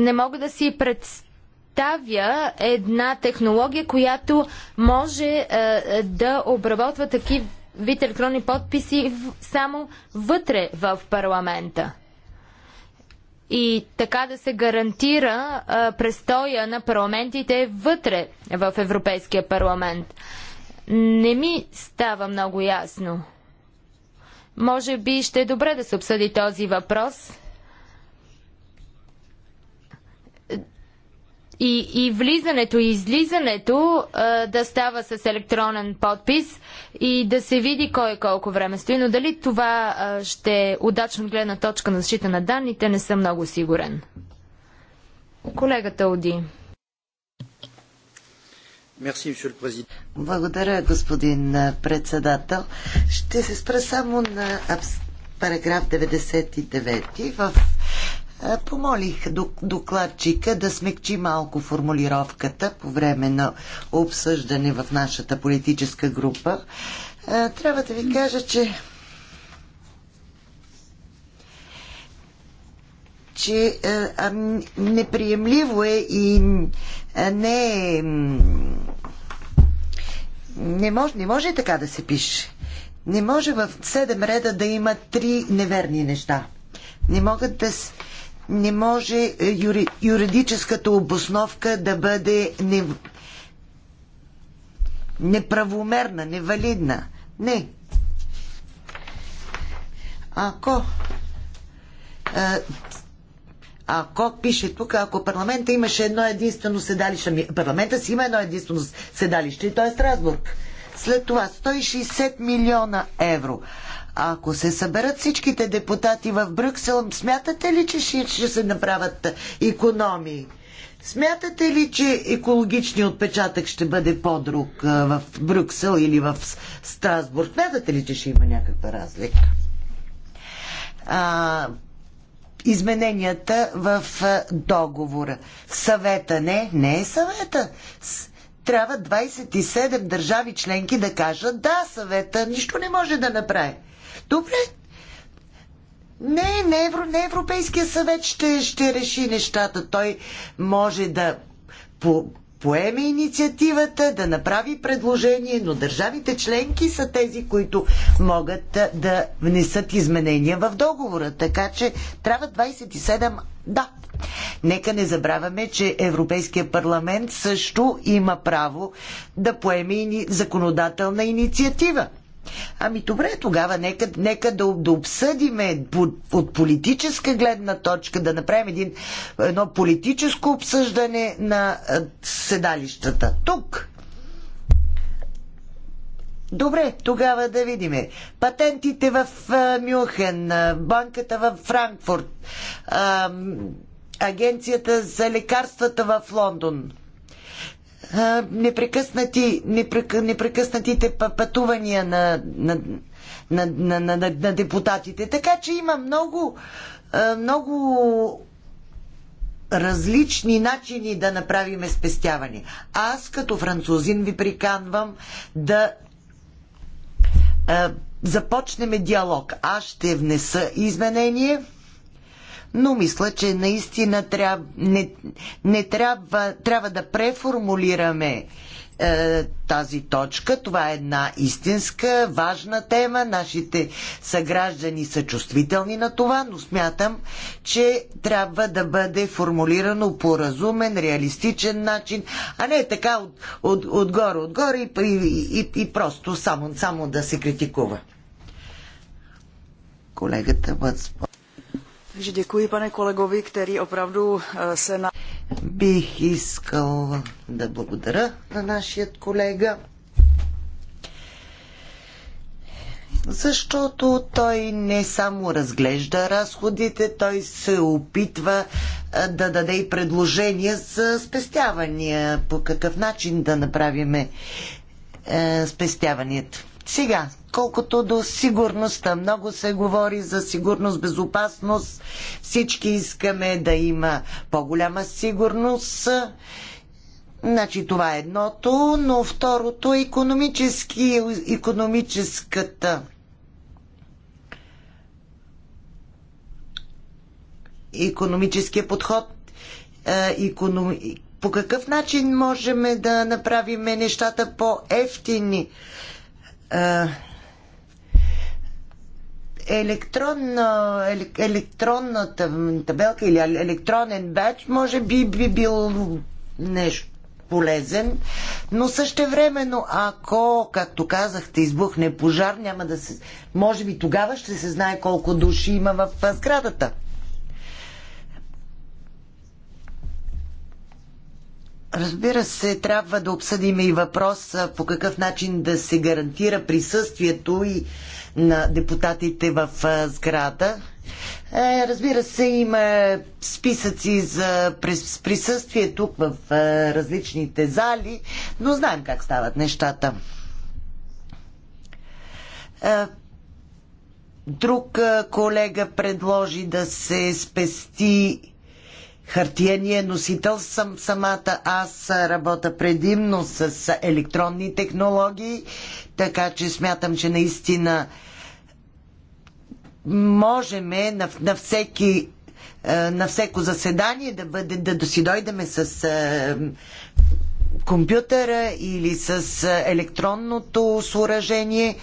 не мога да си представя една технология, която може а, е, е, да обработва такива вид електронни подписи в... само вътре в парламента и така да се гарантира а, е, престоя на парламентите вътре в Европейския парламент. Не ми става много ясно. Може би ще е добре да се обсъди този въпрос. И, и влизането и излизането а, да става с електронен подпис и да се види кой е колко време стои. Но дали това а, ще е удачно гледна точка на защита на данните, не съм много сигурен. Колегата Оди. Благодаря, господин председател. Ще се спра само на параграф 99. В... Помолих докладчика да смекчи малко формулировката по време на обсъждане в нашата политическа група. Трябва да ви кажа, че че а, неприемливо е и не е... Не може, не може така да се пише. Не може в 7 реда да има три неверни неща. Не могат да... Не може е, юри, юридическата обосновка да бъде не, неправомерна, невалидна. Не. Ако а, е, ако пише тук, ако парламента имаше едно единствено седалище, парламента си има едно единствено седалище и то е Страсбург. След това 160 милиона евро. Ако се съберат всичките депутати в Брюксел, смятате ли, че ще, ще се направят економии? Смятате ли, че екологичният отпечатък ще бъде по-друг в Брюксел или в Страсбург? Смятате ли, че ще има някаква разлика? А, измененията в договора. Съвета не, не е съвета. Трябва 27 държави членки да кажат да, съвета нищо не може да направи. Добре. Не, не, Евро, не Европейския съвет ще, ще реши нещата. Той може да по, поеме инициативата, да направи предложение, но държавите членки са тези, които могат да внесат изменения в договора. Така че трябва 27 да. Нека не забравяме, че Европейския парламент също има право да поеме законодателна инициатива. Ами добре, тогава нека, нека да, да обсъдиме от политическа гледна точка, да направим един, едно политическо обсъждане на седалищата. Тук. Добре, тогава да видиме. Патентите в Мюнхен, банката в Франкфурт, агенцията за лекарствата в Лондон – непрекъснати, непрекъснатите пътувания на, на, на, на, на, на депутатите. Така че има много, много различни начини да направим спестяване. Аз като французин ви приканвам да започнем диалог. Аз ще внеса изменение но мисля, че наистина тряб, не, не трябва, трябва да преформулираме е, тази точка. Това е една истинска, важна тема. Нашите съграждани са чувствителни на това, но смятам, че трябва да бъде формулирано по разумен, реалистичен начин, а не така от, от, отгоре, отгоре и, и, и, и просто само, само да се критикува. Колегата Бъдспорт. Takže děkuji pane kolegovi, který opravdu eh, se na... Бих искал да благодаря на нашия колега, защото той не само разглежда разходите, той се опитва да даде и предложения за спестявания, по какъв начин да направим спестяванията. Сега, колкото до сигурността. Много се говори за сигурност, безопасност. Всички искаме да има по-голяма сигурност. Значи това е едното, но второто е економически, економическата економическия подход, е, по какъв начин можем да направим нещата по-ефтини? Е, електронна, електронната табелка или електронен бач може би би бил нещо полезен, но същевременно, ако, както казахте, избухне пожар, няма да се... Може би тогава ще се знае колко души има в сградата. Разбира се, трябва да обсъдим и въпрос по какъв начин да се гарантира присъствието и на депутатите в сграда. Е, разбира се, има списъци за присъствие тук в различните зали, но знаем как стават нещата. Е, друг колега предложи да се спести хартияния носител съм самата. Аз работя предимно с електронни технологии така че смятам, че наистина можем на, на всеки е, на всеко заседание да, бъде, да си дойдеме с е, компютъра или с е, електронното съоръжение.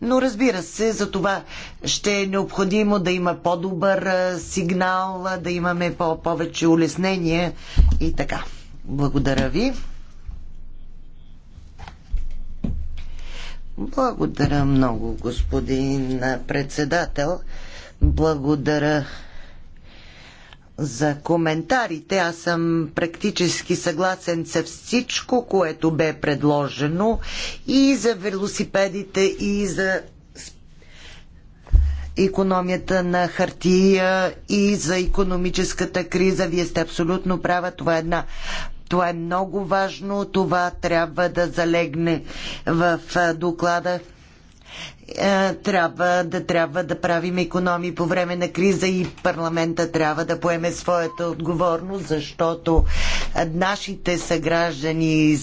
Но разбира се, за това ще е необходимо да има по-добър сигнал, да имаме по повече улеснения и така. Благодаря ви. Благодаря много, господин председател. Благодаря за коментарите. Аз съм практически съгласен с всичко, което бе предложено и за велосипедите, и за економията на хартия и за економическата криза. Вие сте абсолютно права. Това е една това е много важно. Това трябва да залегне в доклада е, трябва да, трябва да правим економии по време на криза и парламента трябва да поеме своята отговорност, защото нашите съграждани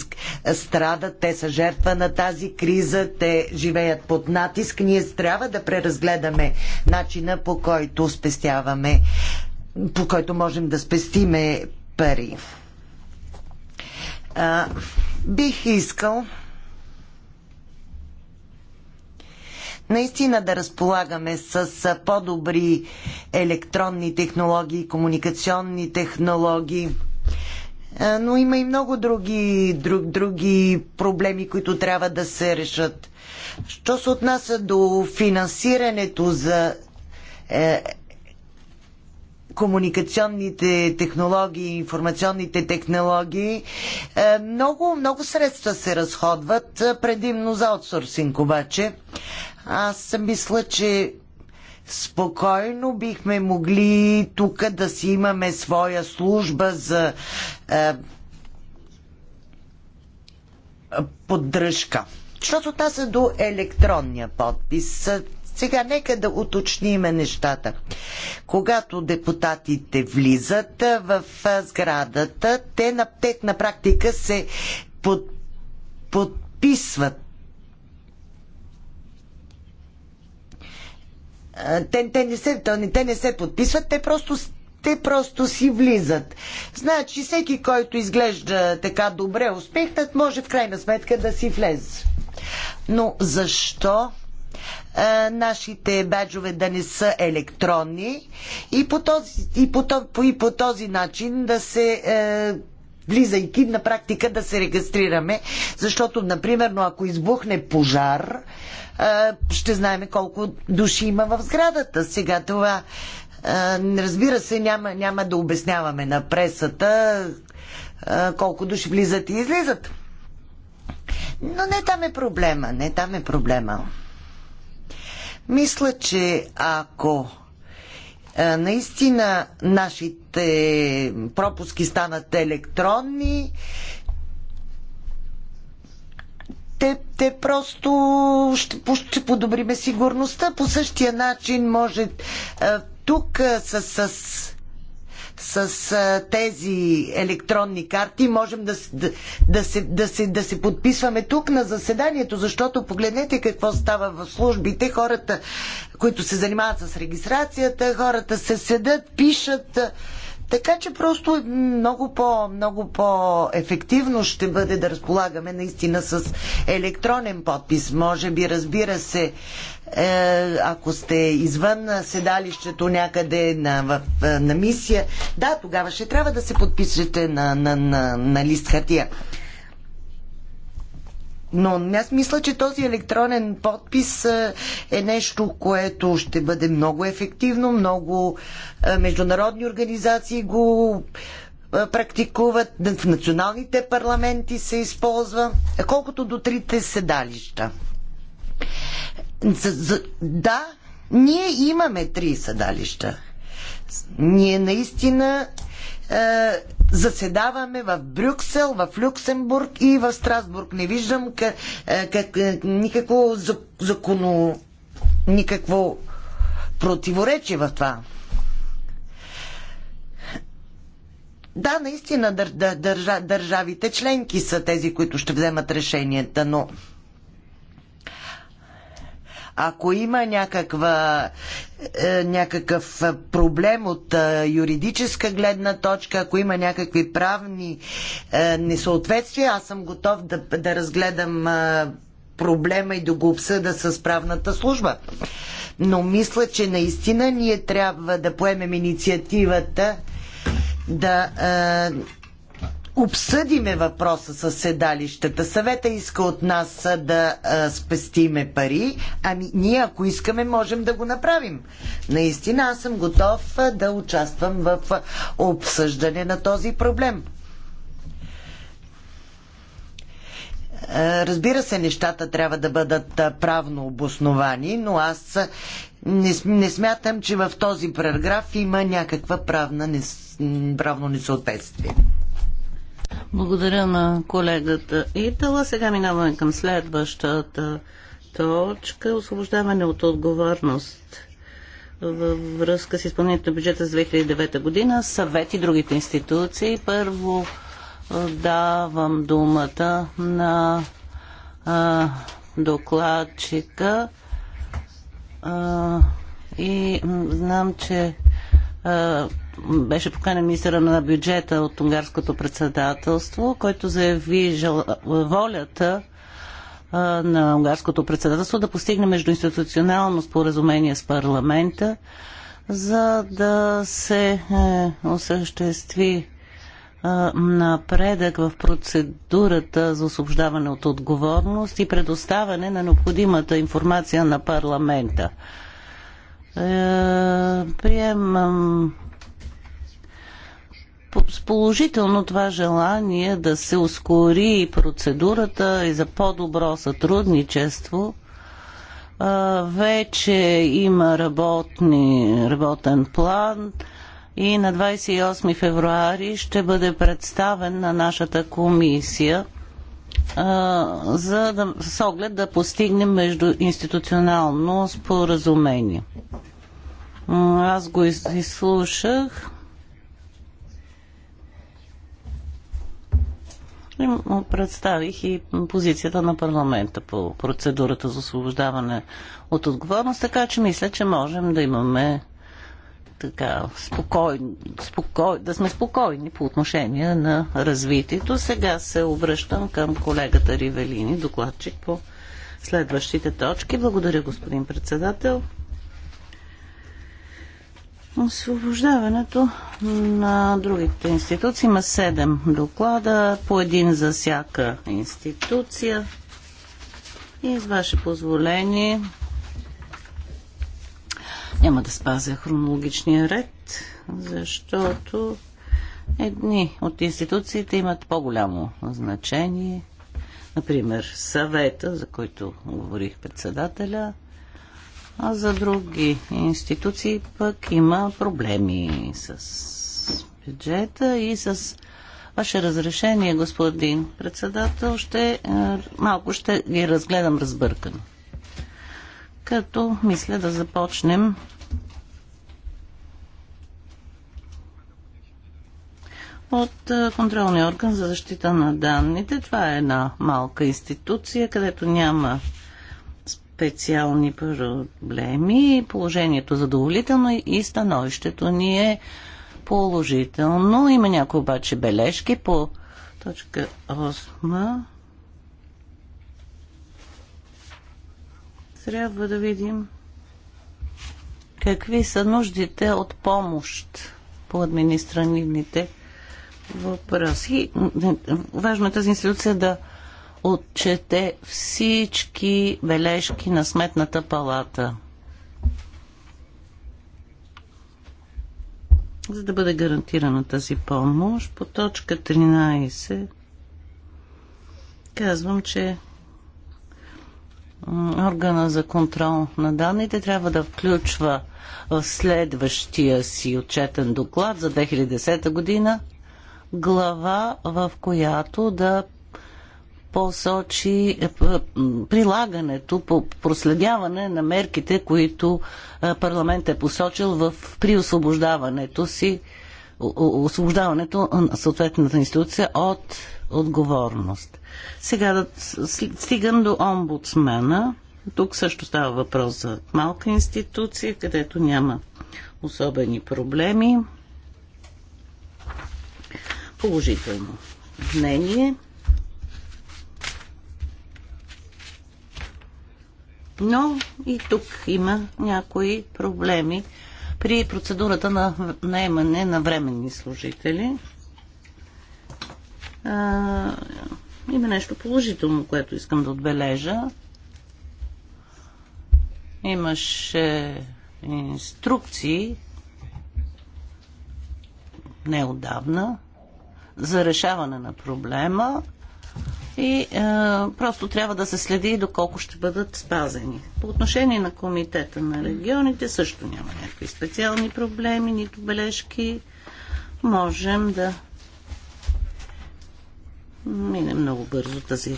страдат, те са жертва на тази криза, те живеят под натиск. Ние трябва да преразгледаме начина по който спестяваме, по който можем да спестиме пари. А, бих искал наистина да разполагаме с по-добри електронни технологии, комуникационни технологии. Но има и много други, друг, други проблеми, които трябва да се решат. Що се отнася до финансирането за е, комуникационните технологии, информационните технологии. Е, много, много средства се разходват, е, предимно за аутсорсинг обаче. Аз мисля, че спокойно бихме могли тук да си имаме своя служба за е, поддръжка. Що се отнася до електронния подпис, сега нека да уточниме нещата. Когато депутатите влизат в сградата, те на, те на практика се под, подписват те, те, не се, те не се подписват, те просто те просто си влизат. Значи всеки, който изглежда така добре успехнат, може в крайна сметка да си влезе. Но защо нашите баджове да не са електронни и по този, и по, и по този начин да се е, влизайки на практика да се регистрираме, защото, например, ако избухне пожар, ще знаем колко души има в сградата. Сега това, разбира се, няма, няма да обясняваме на пресата колко души влизат и излизат. Но не там е проблема, не там е проблема. Мисля, че ако е, наистина нашите пропуски станат електронни, те, те просто ще, ще подобриме сигурността. По същия начин може е, тук е, с, с с тези електронни карти можем да, да, да, се, да, се, да се подписваме тук на заседанието, защото погледнете какво става в службите. Хората, които се занимават с регистрацията, хората се седат, пишат. Така че просто много, по, много по-ефективно ще бъде да разполагаме наистина с електронен подпис. Може би, разбира се, е, ако сте извън седалището някъде на, в, на мисия, да, тогава ще трябва да се подпишете на, на, на, на лист хартия. Но аз мисля, че този електронен подпис е, е нещо, което ще бъде много ефективно. Много е, международни организации го практикуват, в националните парламенти се използва, колкото до трите седалища за, за, да, ние имаме три съдалища. Ние наистина е, заседаваме в Брюксел, в Люксембург и в Страсбург. Не виждам е, е, никакво законо, никакво противоречие в това. Да, наистина държавите членки са тези, които ще вземат решенията, но ако има някаква, е, някакъв проблем от е, юридическа гледна точка, ако има някакви правни е, несъответствия, аз съм готов да, да разгледам проблема и да го обсъда с правната служба. Но мисля, че наистина ние трябва да поемем инициативата да обсъдиме въпроса с седалищата. Съвета иска от нас да а, спестиме пари. Ами ние, ако искаме, можем да го направим. Наистина, аз съм готов а, да участвам в а, обсъждане на този проблем. Разбира се, нещата трябва да бъдат правно обосновани, но аз не, не смятам, че в този параграф има някаква правна, правно несъответствие. Благодаря на колегата Итала. Сега минаваме към следващата точка. Освобождаване от отговорност във връзка с изпълнението на бюджета за 2009 година. Съвет и другите институции. Първо давам думата на а, докладчика. А, и знам, че беше поканен министъра на бюджета от унгарското председателство, който заяви жел... волята на унгарското председателство да постигне междуинституционално споразумение с парламента, за да се е, осъществи е, напредък в процедурата за освобождаване от отговорност и предоставяне на необходимата информация на парламента. Е, приемам с положително това желание да се ускори процедурата и за по-добро сътрудничество. Вече има работни, работен план и на 28 февруари ще бъде представен на нашата комисия за да, с оглед да постигнем институционално споразумение. Аз го изслушах му представих и позицията на парламента по процедурата за освобождаване от отговорност, така че мисля, че можем да имаме така, спокойно спокой, да сме спокойни по отношение на развитието. Сега се обръщам към колегата Ривелини, докладчик по следващите точки. Благодаря, господин председател. Освобождаването на другите институции има седем доклада, по един за всяка институция. И с ваше позволение няма да спазя хронологичния ред, защото едни от институциите имат по-голямо значение. Например, съвета, за който говорих председателя, а за други институции пък има проблеми с бюджета и с ваше разрешение, господин председател, ще, е, малко ще ги разгледам разбъркано. Като мисля да започнем от е, контролния орган за защита на данните. Това е една малка институция, където няма специални проблеми. Положението задоволително и становището ни е положително. Има някои обаче бележки по точка 8. Трябва да видим какви са нуждите от помощ по административните въпроси. Важно е тази институция да отчете всички бележки на Сметната палата. За да бъде гарантирана тази помощ, по точка 13 казвам, че органа за контрол на данните трябва да включва в следващия си отчетен доклад за 2010 година глава, в която да посочи е, прилагането проследяване на мерките, които е, парламент е посочил в, при освобождаването си освобождаването на съответната институция от отговорност. Сега да стигам до омбудсмена. Тук също става въпрос за малка институция, където няма особени проблеми. Положително мнение. Но и тук има някои проблеми при процедурата на наемане на временни служители. А, има нещо положително, което искам да отбележа. Имаше инструкции неодавна за решаване на проблема и е, просто трябва да се следи доколко ще бъдат спазени. По отношение на комитета на регионите също няма някакви специални проблеми, нито бележки. Можем да мине много бързо тази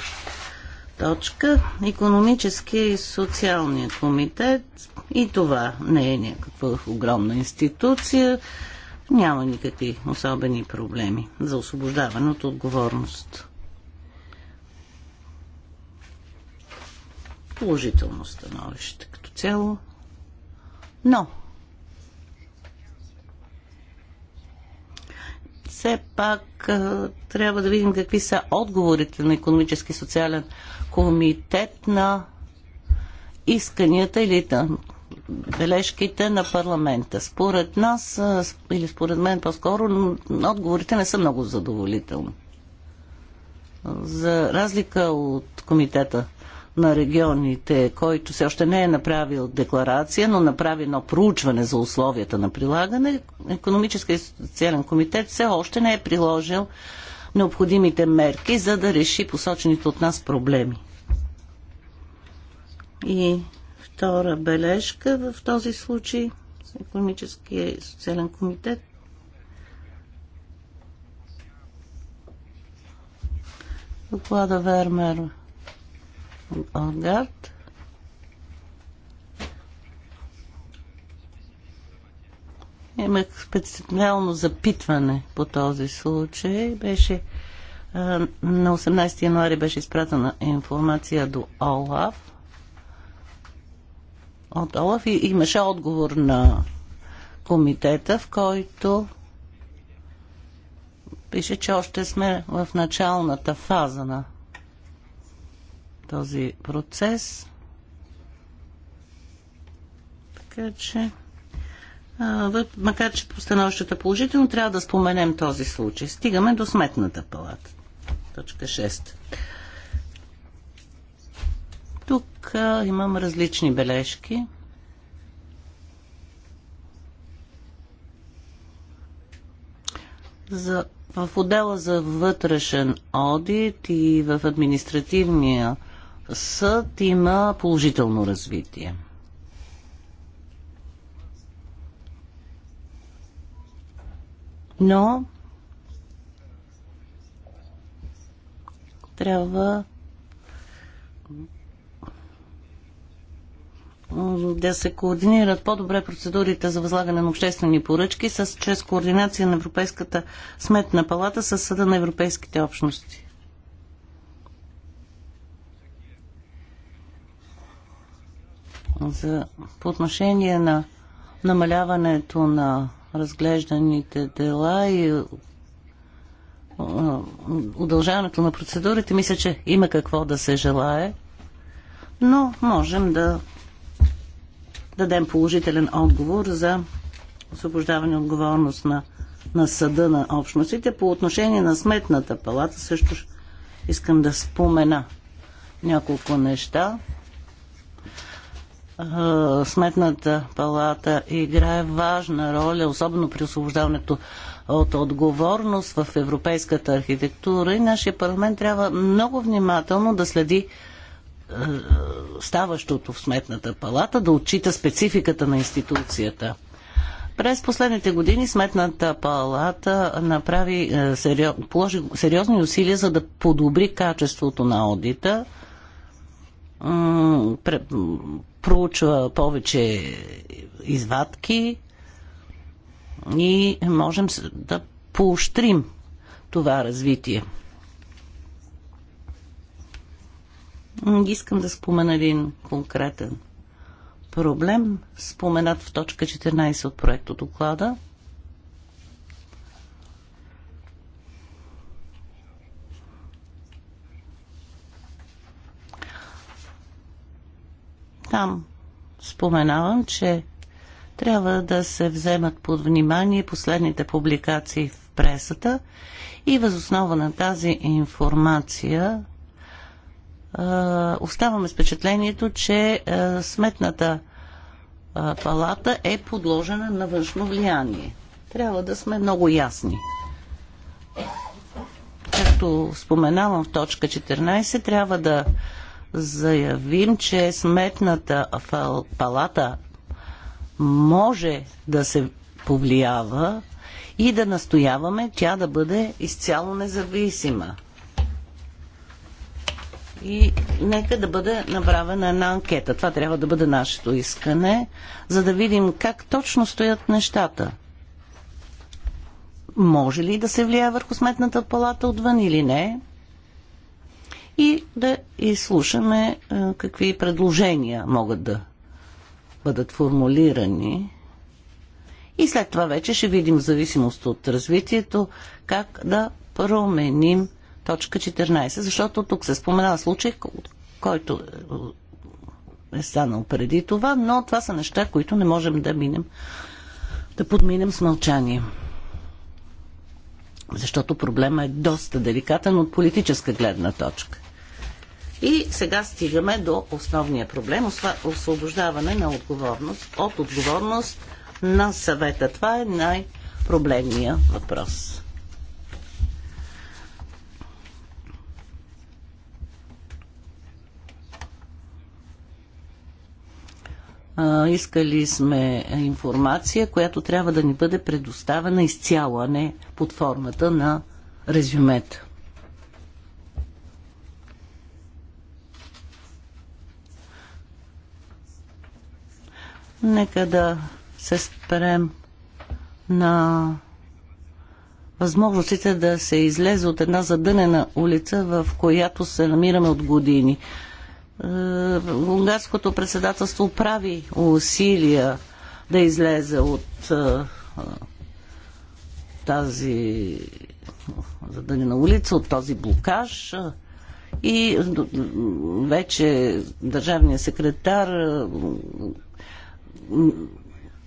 точка. Економическия и социалния комитет и това не е някаква огромна институция. Няма никакви особени проблеми за освобождаване от отговорност. положително становище като цяло. Но все пак трябва да видим какви са отговорите на економически и социален комитет на исканията или на бележките на парламента. Според нас, или според мен по-скоро, отговорите не са много задоволителни. За разлика от комитета на регионите, който все още не е направил декларация, но направи едно проучване за условията на прилагане, економическа и социален комитет все още не е приложил необходимите мерки, за да реши посочените от нас проблеми. И втора бележка в този случай Економическия и социален комитет Доклада Вермер Онгард. Имах специално запитване по този случай. Беше на 18 януари беше изпратена информация до ОЛАФ. От ОЛАФ и имаше отговор на комитета, в който пише, че още сме в началната фаза на този процес. Така че, а, макар че постановището е положително, трябва да споменем този случай. Стигаме до сметната палата. Точка 6. Тук а, имам различни бележки. За, в отдела за вътрешен одит и в административния съд има положително развитие. Но трябва да се координират по-добре процедурите за възлагане на обществени поръчки с чрез координация на Европейската сметна палата с Съда на Европейските общности. за, по отношение на намаляването на разглежданите дела и удължаването на процедурите, мисля, че има какво да се желае, но можем да дадем положителен отговор за освобождаване отговорност на, на съда на общностите. По отношение на сметната палата също искам да спомена няколко неща. Е, Сметната палата играе важна роля, особено при освобождаването от отговорност в европейската архитектура и нашия парламент трябва много внимателно да следи е, ставащото в Сметната палата, да отчита спецификата на институцията. През последните години Сметната палата направи, е, сериоз, положи сериозни усилия за да подобри качеството на одита – проучва повече извадки и можем да поощрим това развитие. Искам да спомена един конкретен проблем, споменат в точка 14 от проекто доклада – Там споменавам, че трябва да се вземат под внимание последните публикации в пресата и възоснова на тази информация оставаме с впечатлението, че сметната палата е подложена на външно влияние. Трябва да сме много ясни. Както споменавам в точка 14, трябва да заявим, че сметната палата може да се повлиява и да настояваме тя да бъде изцяло независима. И нека да бъде направена една анкета. Това трябва да бъде нашето искане, за да видим как точно стоят нещата. Може ли да се влияе върху сметната палата отвън или не? и да изслушаме е, какви предложения могат да бъдат формулирани. И след това вече ще видим в зависимост от развитието как да променим точка 14, защото тук се споменава случай, който е, е станал преди това, но това са неща, които не можем да минем, да подминем с мълчание. Защото проблема е доста деликатен от политическа гледна точка. И сега стигаме до основния проблем освобождаване на отговорност от отговорност на съвета. Това е най-проблемния въпрос. искали сме информация, която трябва да ни бъде предоставена изцяло, а не под формата на резюмета. Нека да се спрем на възможностите да се излезе от една задънена улица, в която се намираме от години. Е, унгарското председателство прави усилия да излезе от е, тази задънена улица, от този блокаж. И е, вече държавният секретар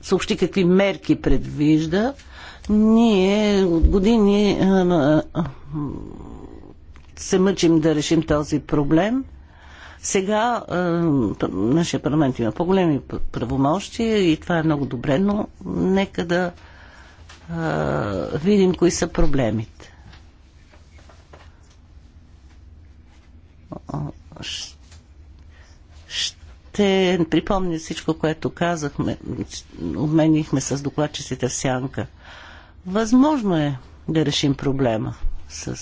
съобщи какви мерки предвижда. Ние от години се мъчим да решим този проблем. Сега нашия парламент има по-големи правомощия и това е много добре, но нека да видим кои са проблемите ще припомня всичко, което казахме, обменихме с докладчиците в сянка. Възможно е да решим проблема с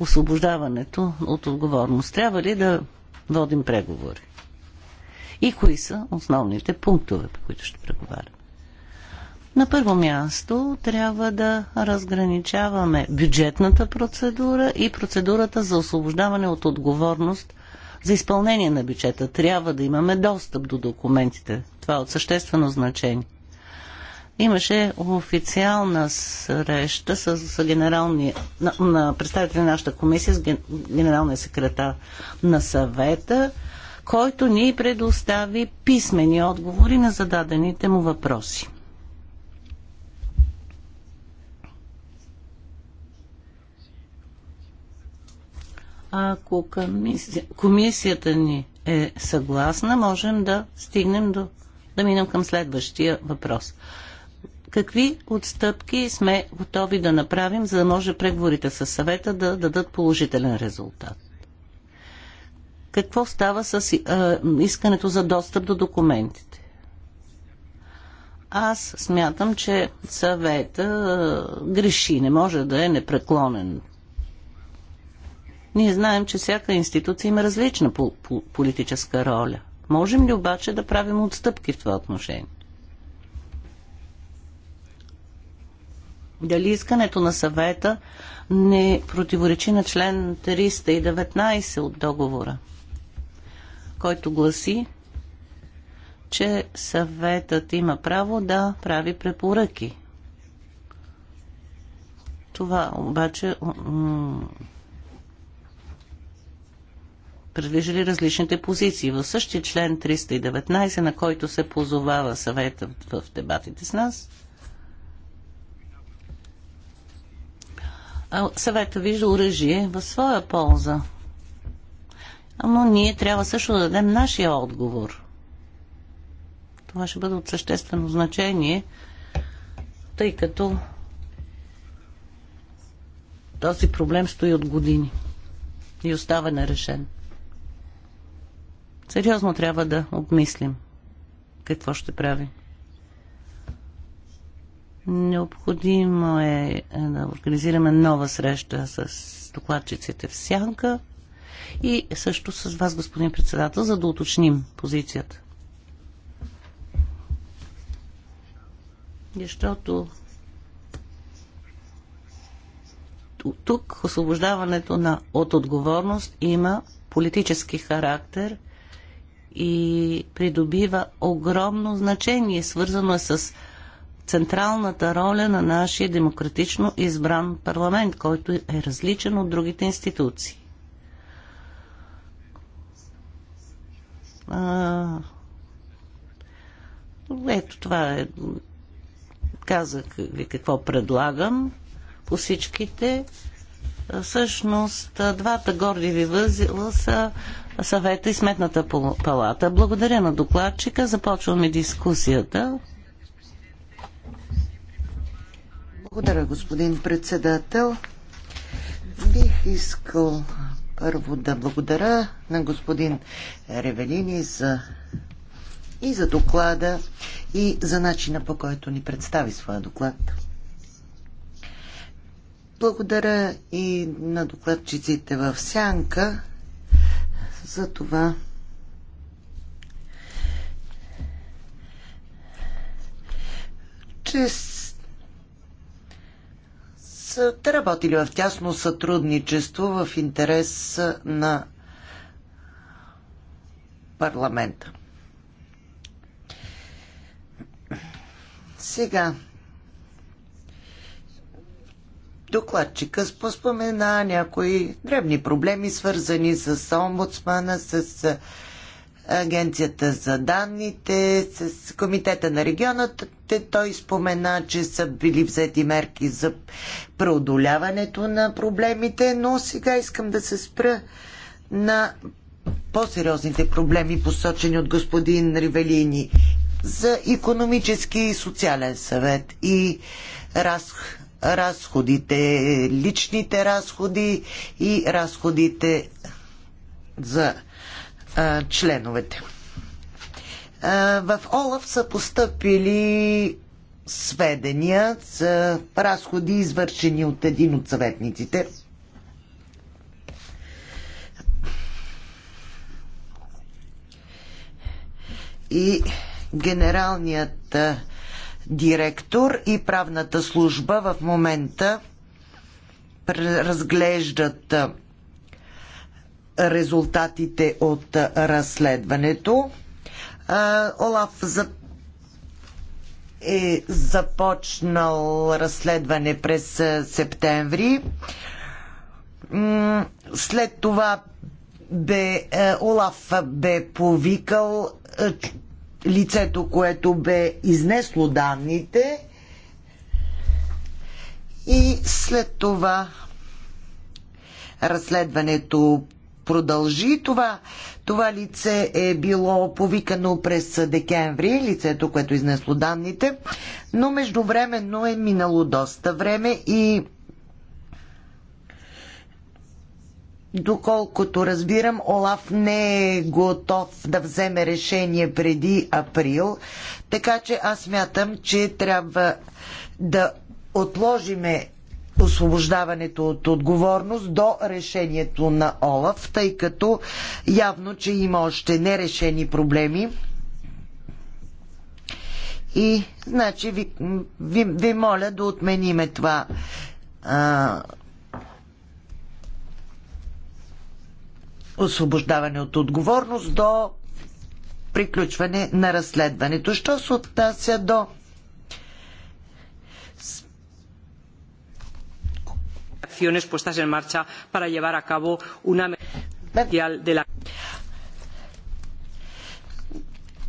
освобождаването от отговорност. Трябва ли да водим преговори? И кои са основните пунктове, по които ще преговаряме? На първо място трябва да разграничаваме бюджетната процедура и процедурата за освобождаване от отговорност за изпълнение на бюджета трябва да имаме достъп до документите. Това е от съществено значение. Имаше официална среща с, генералния, на, на представители на нашата комисия, с ген, генералния секретар на съвета, който ни предостави писмени отговори на зададените му въпроси. Ако комисия, комисията ни е съгласна, можем да стигнем до да минем към следващия въпрос. Какви отстъпки сме готови да направим, за да може преговорите с съвета да дадат положителен резултат? Какво става с а, е, искането за достъп до документите? Аз смятам, че съвета а, е, греши, не може да е непреклонен ние знаем, че всяка институция има различна политическа роля. Можем ли обаче да правим отстъпки в това отношение? Дали искането на съвета не противоречи на член 319 от договора, който гласи, че съветът има право да прави препоръки. Това обаче предвиждали различните позиции. В същия член 319, на който се позовава съвета в дебатите с нас, съвета вижда оръжие в своя полза. Но ние трябва също да дадем нашия отговор. Това ще бъде от съществено значение, тъй като този проблем стои от години и остава нерешен. Сериозно трябва да обмислим какво ще прави. Необходимо е, е да организираме нова среща с докладчиците в Сянка и също с вас, господин председател, за да уточним позицията. Защото тук освобождаването на, от отговорност има политически характер – и придобива огромно значение, свързано е с централната роля на нашия демократично избран парламент, който е различен от другите институции. А... Ето това е. Казах ви какво предлагам по всичките. Всъщност, двата гордиви възела са съвета и сметната палата. Благодаря на докладчика. Започваме дискусията. Благодаря, господин председател. Бих искал първо да благодаря на господин Ревелини за и за доклада, и за начина по който ни представи своя доклад. Благодаря и на докладчиците в Сянка за това, че са работили в тясно сътрудничество в интерес на парламента. Сега, Докладчика спомена някои дребни проблеми, свързани с омбудсмана, с Агенцията за данните, с Комитета на регионата. Той спомена, че са били взети мерки за преодоляването на проблемите, но сега искам да се спра на по-сериозните проблеми, посочени от господин Ривелини за економически и социален съвет и раз, разходите, личните разходи и разходите за а, членовете. А, в ОЛАФ са поступили сведения за разходи, извършени от един от съветниците. И генералният директор и правната служба в момента разглеждат резултатите от разследването. Олаф за е започнал разследване през септември. След това бе, Олаф бе повикал лицето, което бе изнесло данните и след това разследването продължи. Това, това лице е било повикано през декември, лицето, което е изнесло данните, но междувременно е минало доста време и Доколкото разбирам, Олаф не е готов да вземе решение преди април, така че аз мятам, че трябва да отложиме освобождаването от отговорност до решението на Олаф, тъй като явно, че има още нерешени проблеми. И, значи, ви, ви, ви моля да отмениме това а, освобождаване от отговорност до приключване на разследването. Що се отнася до acciones puestas en marcha para llevar a cabo una de la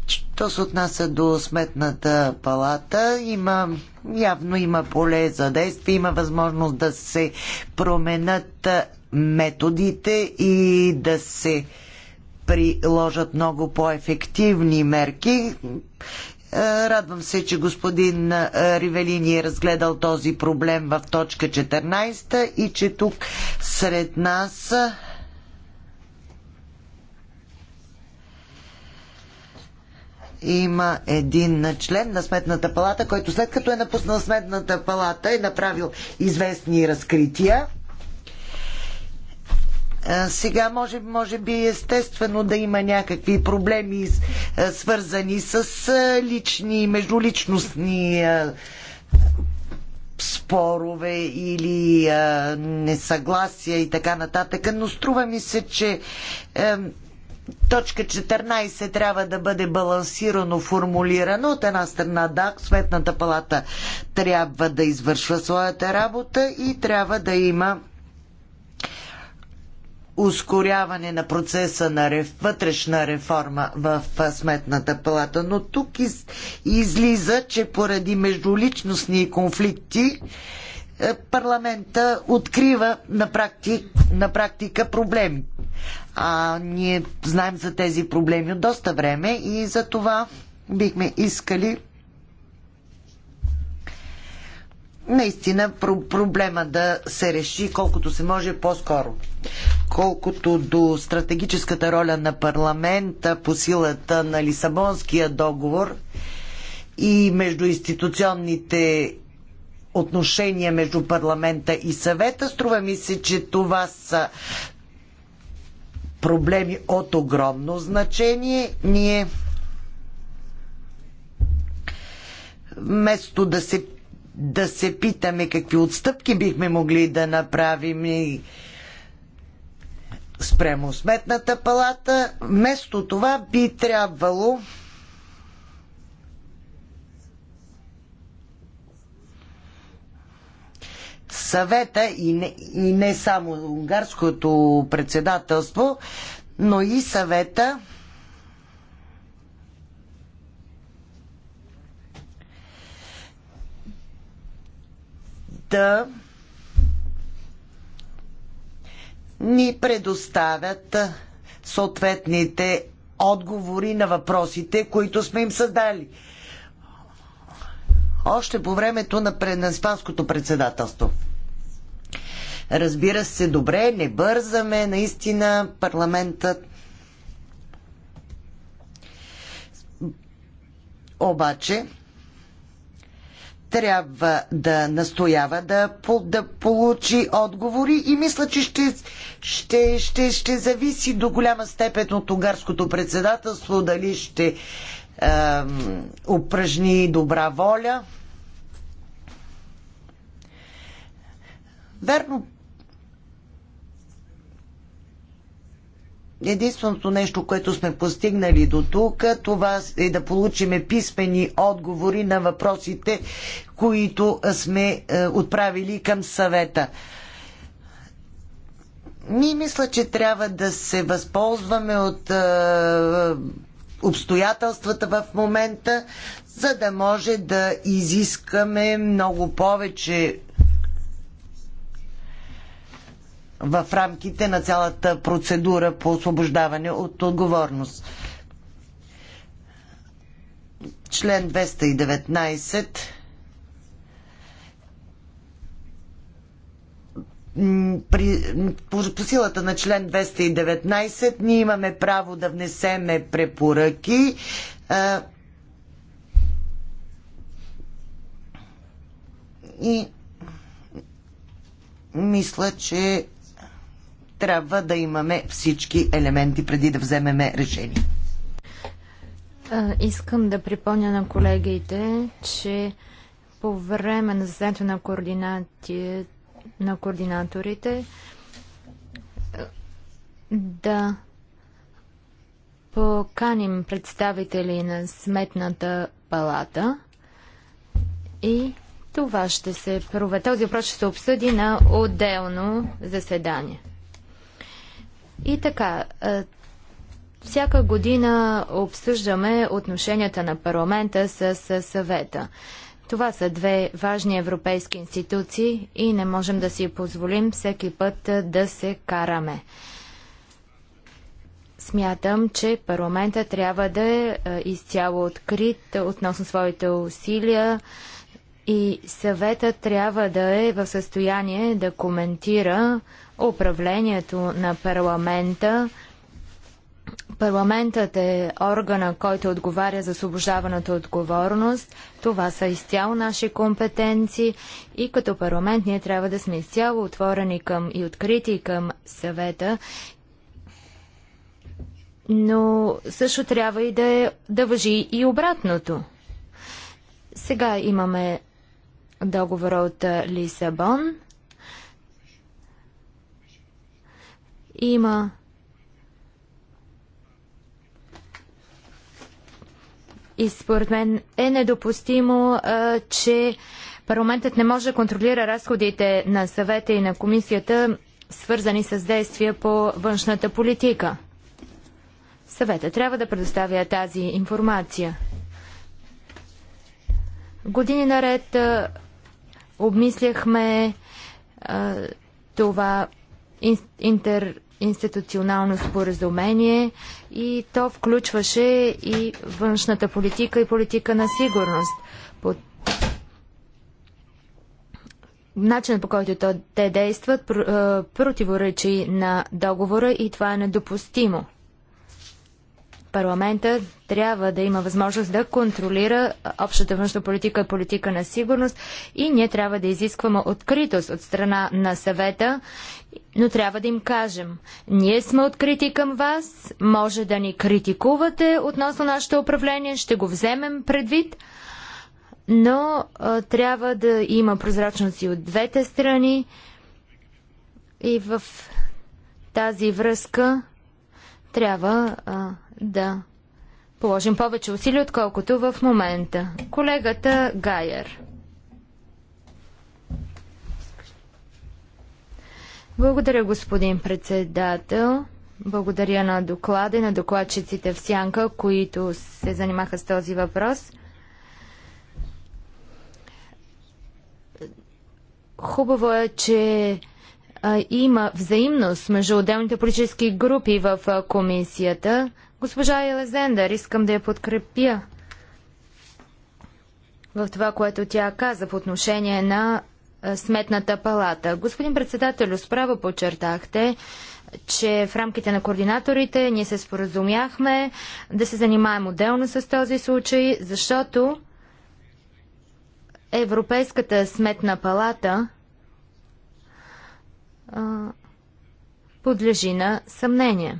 Що се отнася до сметната палата, има, явно има поле за действие, има възможност да се променят методите и да се приложат много по-ефективни мерки. Е, радвам се, че господин е, Ривелини е разгледал този проблем в точка 14 и че тук сред нас е, има един член на Сметната палата, който след като е напуснал Сметната палата е направил известни разкрития. Сега може, може би естествено да има някакви проблеми, свързани с лични, междуличностни спорове или несъгласия и така нататък, но струва ми се, че точка 14 трябва да бъде балансирано формулирано. От една страна, да, Светната палата трябва да извършва своята работа и трябва да има ускоряване на процеса на вътрешна реформа в Сметната палата. Но тук из, излиза, че поради междуличностни конфликти е, парламента открива на, практик, на практика проблеми. А ние знаем за тези проблеми от доста време и за това бихме искали наистина проблема да се реши колкото се може по-скоро. Колкото до стратегическата роля на парламента по силата на Лисабонския договор и между институционните отношения между парламента и съвета, струва ми се, че това са проблеми от огромно значение. Ние вместо да се да се питаме какви отстъпки бихме могли да направим и спрямо сметната палата. Вместо това би трябвало съвета и не, и не само унгарското председателство, но и съвета да ни предоставят съответните отговори на въпросите, които сме им създали. Още по времето на, на испанското председателство. Разбира се, добре, не бързаме, наистина парламентът. Обаче, трябва да настоява да, да получи отговори и мисля, че ще, ще, ще, ще зависи до голяма степен от унгарското председателство дали ще е, упражни добра воля. Верно, единственото нещо, което сме постигнали до тук, това е да получим писмени отговори на въпросите, които сме е, отправили към съвета. Ние мисля, че трябва да се възползваме от е, обстоятелствата в момента, за да може да изискаме много повече в рамките на цялата процедура по освобождаване от отговорност. Член 219 при, по, по силата на член 219 ние имаме право да внесеме препоръки. А, и мисля, че трябва да имаме всички елементи преди да вземеме решение. Искам да припомня на колегите, че по време на заседанието на, на координаторите да поканим представители на Сметната палата и това ще се проведе. Този въпрос ще се обсъди на отделно заседание. И така, е, всяка година обсъждаме отношенията на парламента с съвета. Това са две важни европейски институции и не можем да си позволим всеки път е, да се караме. Смятам, че парламента трябва да е, е изцяло открит относно своите усилия и съвета трябва да е в състояние да коментира управлението на парламента. Парламентът е органа, който отговаря за освобождаваната отговорност. Това са изцяло наши компетенции и като парламент ние трябва да сме изцяло отворени към и открити към съвета. Но също трябва и да, е, да въжи и обратното. Сега имаме договора от Лисабон – Има и според мен е недопустимо, а, че парламентът не може да контролира разходите на съвета и на комисията, свързани с действия по външната политика. Съвета трябва да предоставя тази информация. Години наред а, обмисляхме а, това ин, интер, институционално споразумение и то включваше и външната политика и политика на сигурност. По... Начинът по който то, те действат противоречи на договора и това е недопустимо парламента трябва да има възможност да контролира общата външна политика и политика на сигурност и ние трябва да изискваме откритост от страна на съвета, но трябва да им кажем, ние сме открити към вас, може да ни критикувате относно нашето управление, ще го вземем предвид, но а, трябва да има прозрачност и от двете страни и в тази връзка трябва а, да положим повече усилия, отколкото в момента. Колегата Гайер. Благодаря, господин председател. Благодаря на доклада и на докладчиците в Сянка, които се занимаха с този въпрос. Хубаво е, че а, има взаимност между отделните политически групи в а, комисията. Госпожа Елезендър, искам да я подкрепя в това, което тя каза по отношение на Сметната палата. Господин председател, справа подчертахте, че в рамките на координаторите ние се споразумяхме да се занимаем отделно с този случай, защото Европейската сметна палата а, подлежи на съмнение.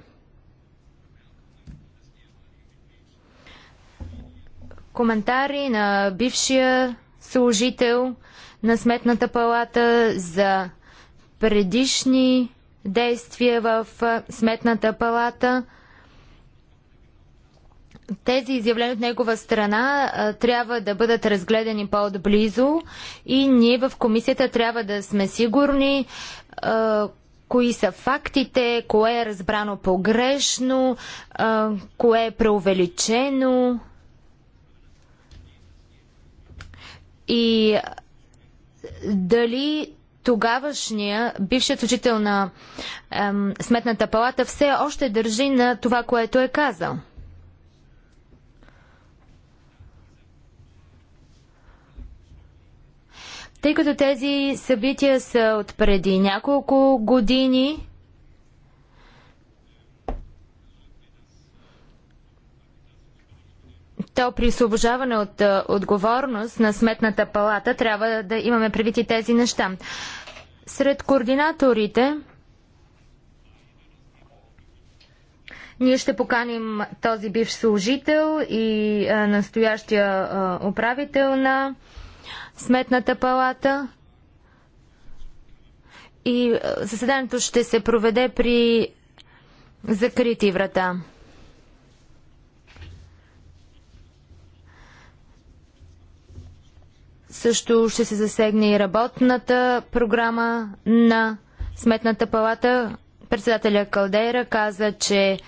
коментари на бившия служител на Сметната палата за предишни действия в Сметната палата. Тези изявления от негова страна трябва да бъдат разгледани по-отблизо и ние в комисията трябва да сме сигурни кои са фактите, кое е разбрано погрешно, кое е преувеличено. И дали тогавашния бившият учител на ем, Сметната палата все още държи на това, което е казал. Тъй като тези събития са от преди няколко години, то при освобождаване от отговорност на Сметната палата трябва да имаме предвид и тези неща. Сред координаторите Ние ще поканим този бивш служител и настоящия управител на Сметната палата. И заседанието ще се проведе при закрити врата. Също ще се засегне и работната програма на Сметната палата. Председателя Калдейра каза, че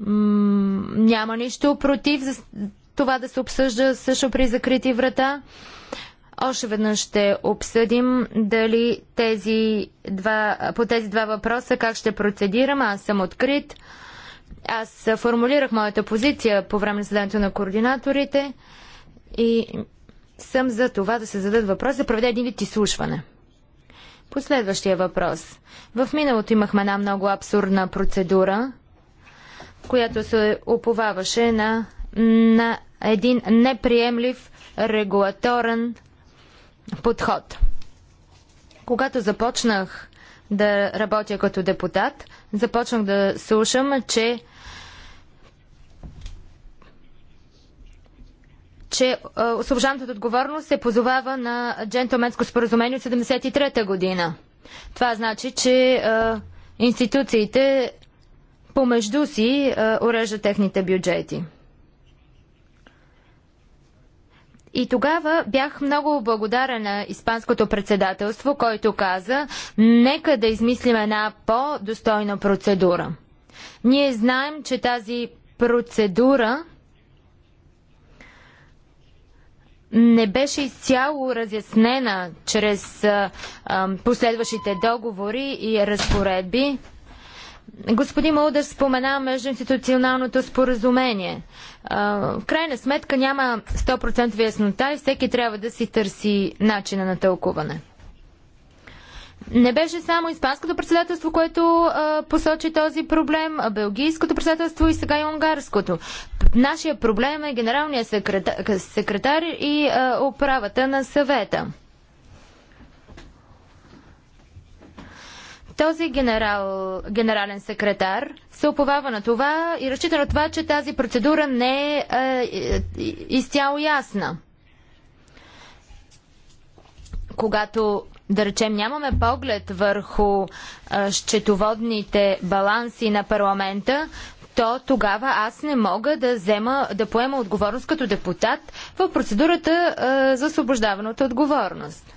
няма нищо против за това да се обсъжда също при закрити врата. Още веднъж ще обсъдим дали тези два, по тези два въпроса как ще процедирам. Аз съм открит. Аз формулирах моята позиция по време на заседанието на координаторите и съм за това да се зададат въпрос, да проведе един вид изслушване. Последващия въпрос. В миналото имахме една много абсурдна процедура, която се оповаваше на, на един неприемлив регулаторен подход. Когато започнах да работя като депутат, започнах да слушам, че че е, освобождаването от отговорност се позовава на джентлменско споразумение от 73-та година. Това значи, че а, е, институциите помежду си а, е, уреждат техните бюджети. И тогава бях много благодарен на Испанското председателство, който каза, нека да измислим една по-достойна процедура. Ние знаем, че тази процедура не беше изцяло разяснена чрез последващите договори и разпоредби. Господин Молдър спомена междуинституционалното споразумение. в крайна сметка няма 100% яснота и всеки трябва да си търси начина на тълкуване. Не беше само Испанското председателство, което а, посочи този проблем, а Белгийското председателство и сега и Унгарското. Нашия проблем е генералният секретар, секретар и а, управата на съвета. Този генерал, генерален секретар се оповава на това и разчита на това, че тази процедура не е, е, е изцяло ясна. Когато да речем, нямаме поглед върху а, счетоводните баланси на парламента, то тогава аз не мога да, взема, да поема отговорност като депутат в процедурата а, за освобождаване от отговорност.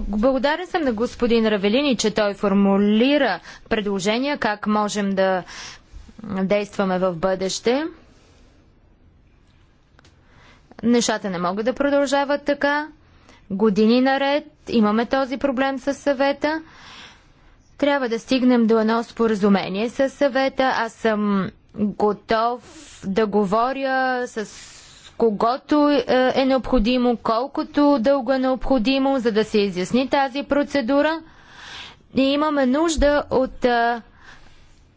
Благодарен съм на господин Равелини, че той формулира предложения как можем да действаме в бъдеще. Нещата не могат да продължават така. Години наред имаме този проблем с съвета. Трябва да стигнем до едно споразумение с съвета. Аз съм готов да говоря с когото е, е необходимо, колкото дълго е необходимо, за да се изясни тази процедура. И имаме нужда от а, е,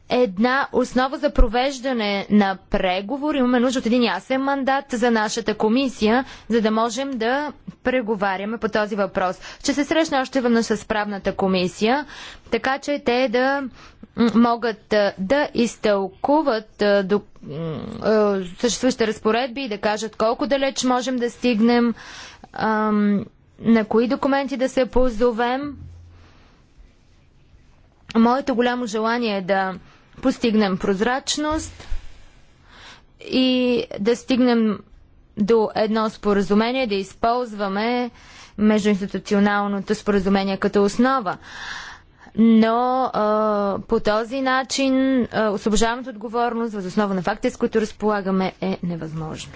една основа за провеждане на преговори. Имаме нужда от един ясен мандат за нашата комисия, за да можем да преговаряме по този въпрос. Ще се срещна още веднъж с правната комисия, така че те да могат да изтълкуват до, съществуващите разпоредби и да кажат колко далеч можем да стигнем, на кои документи да се позовем моето голямо желание е да постигнем прозрачност и да стигнем до едно споразумение, да използваме междуинституционалното споразумение като основа. Но а, по този начин а, освобождаването отговорност въз основа на факти, с които разполагаме, е невъзможно.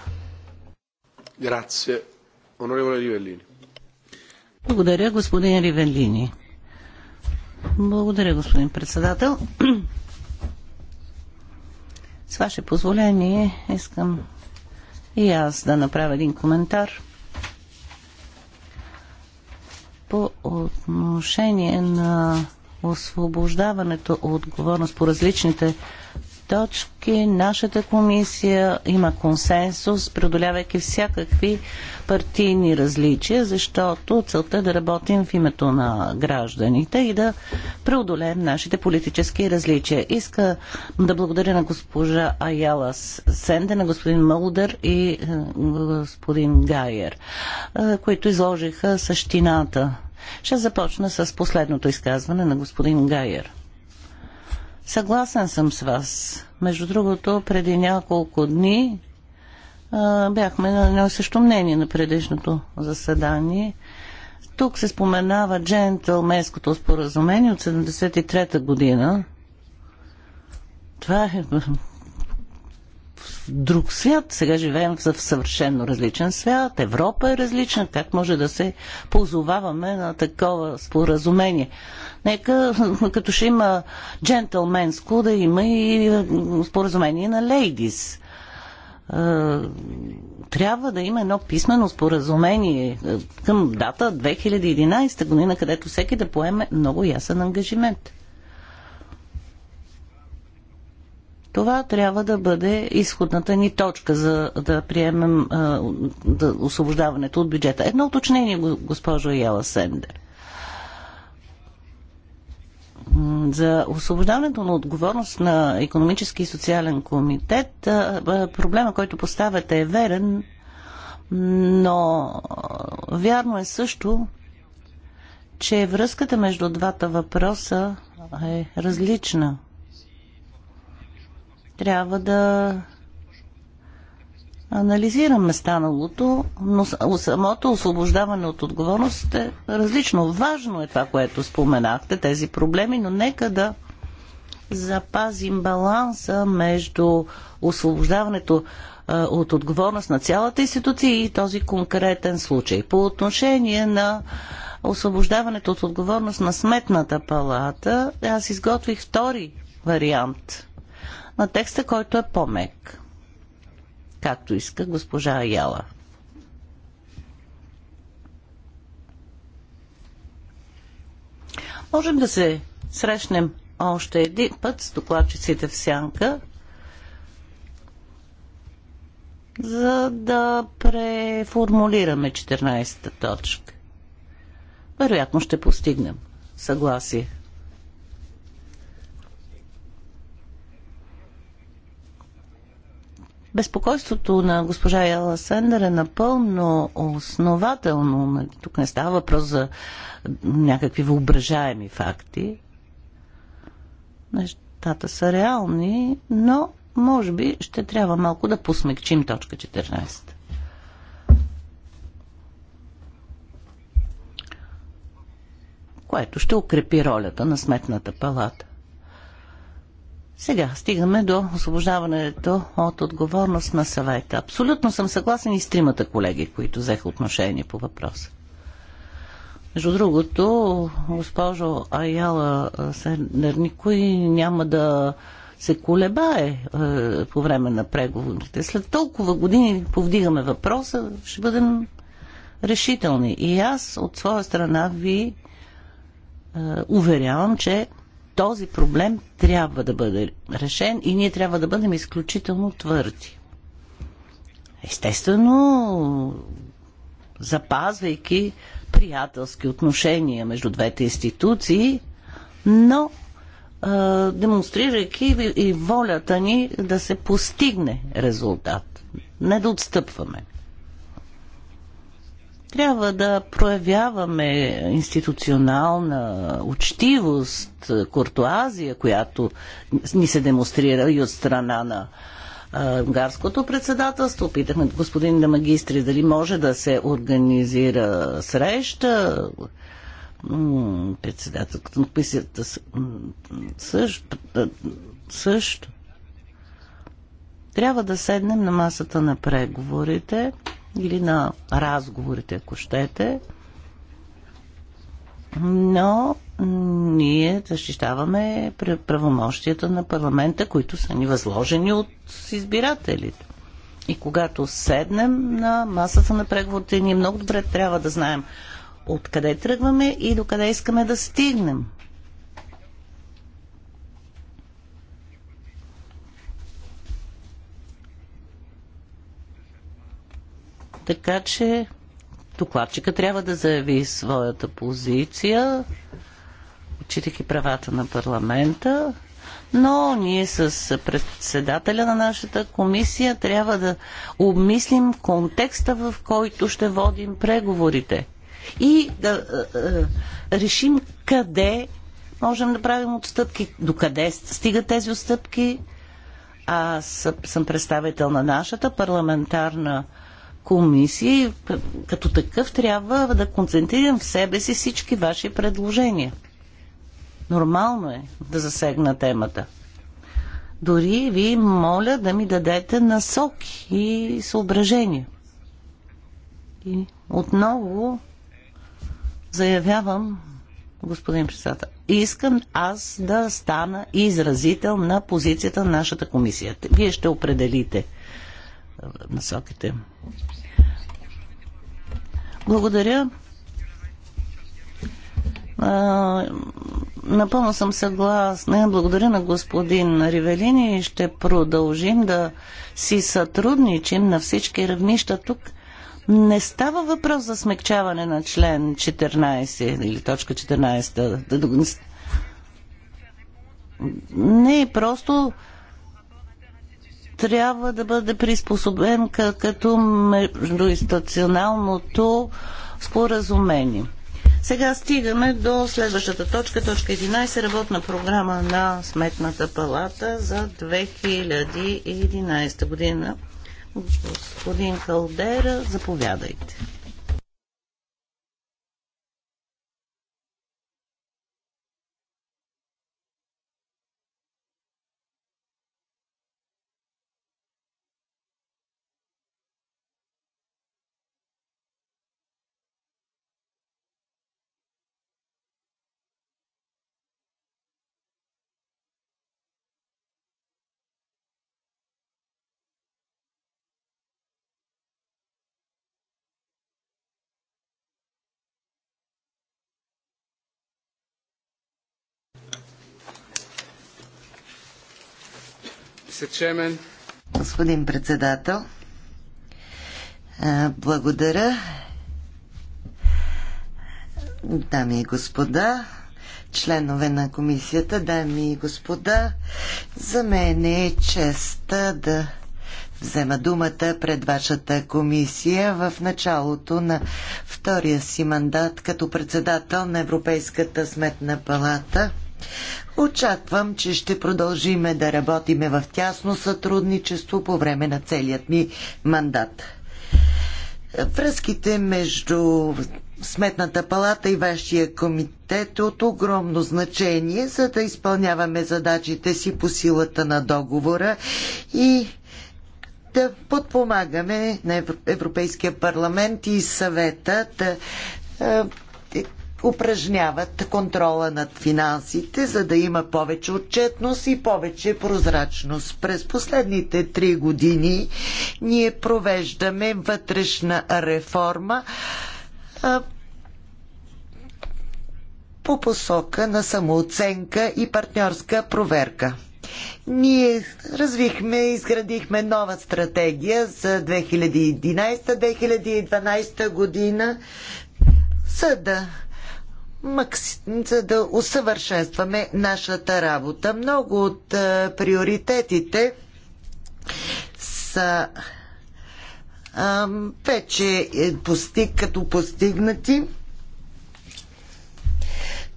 Благодаря, господин Ривелини. Благодаря, господин председател. С ваше позволение искам и аз да направя един коментар по отношение на освобождаването от отговорност по различните точки нашата комисия има консенсус, преодолявайки всякакви партийни различия, защото целта е да работим в името на гражданите и да преодолеем нашите политически различия. Иска да благодаря на госпожа Аялас Сенде, на господин Мълдър и е, господин Гайер, е, които изложиха същината. Ще започна с последното изказване на господин Гайер. Съгласен съм с вас. Между другото, преди няколко дни а, бяхме на едно също мнение на предишното заседание. Тук се споменава джентълменското споразумение от 73-та година. Това е друг свят. Сега живеем в съвършенно различен свят. Европа е различна. Как може да се позоваваме на такова споразумение? Нека, като ще има джентълменско, да има и споразумение на лейдис. Е, трябва да има едно писмено споразумение е, към дата 2011 година, където всеки да поеме много ясен ангажимент. Това трябва да бъде изходната ни точка за да приемем а, е, да, освобождаването от бюджета. Едно уточнение, госпожо Яла Сендер за освобождаването на отговорност на економически и социален комитет, проблема, който поставяте е верен, но вярно е също, че връзката между двата въпроса е различна. Трябва да анализираме станалото, но самото освобождаване от отговорност е различно. Важно е това, което споменахте, тези проблеми, но нека да запазим баланса между освобождаването от отговорност на цялата институция и този конкретен случай. По отношение на освобождаването от отговорност на сметната палата, аз изготвих втори вариант на текста, който е по-мек както иска госпожа Аяла. Можем да се срещнем още един път с докладчиците в сянка, за да преформулираме 14-та точка. Вероятно ще постигнем съгласие. Безпокойството на госпожа Яла Сендер е напълно основателно. Тук не става въпрос за някакви въображаеми факти. Нещата са реални, но може би ще трябва малко да посмекчим точка 14. което ще укрепи ролята на Сметната палата. Сега стигаме до освобождаването от отговорност на съвета. Абсолютно съм съгласен и с тримата колеги, които взеха отношение по въпроса. Между другото, госпожо Аяла Сендер, никой няма да се колебае е, по време на преговорите. След толкова години повдигаме въпроса, ще бъдем решителни. И аз от своя страна ви е, уверявам, че този проблем трябва да бъде решен и ние трябва да бъдем изключително твърди. Естествено, запазвайки приятелски отношения между двете институции, но е, демонстрирайки и волята ни да се постигне резултат. Не да отстъпваме. Трябва да проявяваме институционална учтивост, куртуазия, която ни се демонстрира и от страна на унгарското председателство. Питахме господин на магистри дали може да се организира среща. Председателката на комисията също, също. Трябва да седнем на масата на преговорите или на разговорите, ако щете. Но ние защищаваме правомощията на парламента, които са ни възложени от избирателите. И когато седнем на масата на преговорите, ние много добре трябва да знаем откъде тръгваме и до къде искаме да стигнем. Така че докладчика трябва да заяви своята позиция, отчитайки правата на парламента, но ние с председателя на нашата комисия трябва да обмислим контекста, в който ще водим преговорите и да е, е, решим къде можем да правим отстъпки, до къде стигат тези отстъпки. Аз съм представител на нашата парламентарна комисия и като такъв трябва да концентрирам в себе си всички ваши предложения. Нормално е да засегна темата. Дори ви моля да ми дадете насоки и съображения. И отново заявявам, господин председател, искам аз да стана изразител на позицията на нашата комисия. Вие ще определите насоките. Благодаря. Напълно съм съгласна. Благодаря на господин Ривелини и ще продължим да си сътрудничим на всички равнища тук. Не става въпрос за смягчаване на член 14 или точка 14. Не, просто трябва да бъде приспособен като междуинстационалното споразумение. Сега стигаме до следващата точка, точка 11, работна програма на Сметната палата за 2011 година. Господин Калдера, заповядайте. Господин председател, благодаря. Дами и господа, членове на комисията, дами и господа, за мен е чест да взема думата пред вашата комисия в началото на втория си мандат като председател на Европейската сметна палата – Очаквам, че ще продължиме да работиме в тясно сътрудничество по време на целият ми мандат. Връзките между Сметната палата и вашия комитет е от огромно значение, за да изпълняваме задачите си по силата на договора и да подпомагаме на Европейския парламент и съвета да е, упражняват контрола над финансите, за да има повече отчетност и повече прозрачност. През последните три години ние провеждаме вътрешна реформа а, по посока на самооценка и партньорска проверка. Ние развихме, изградихме нова стратегия за 2011-2012 година, за да за да усъвършенстваме нашата работа. Много от е, приоритетите са е, вече е, постиг, като постигнати.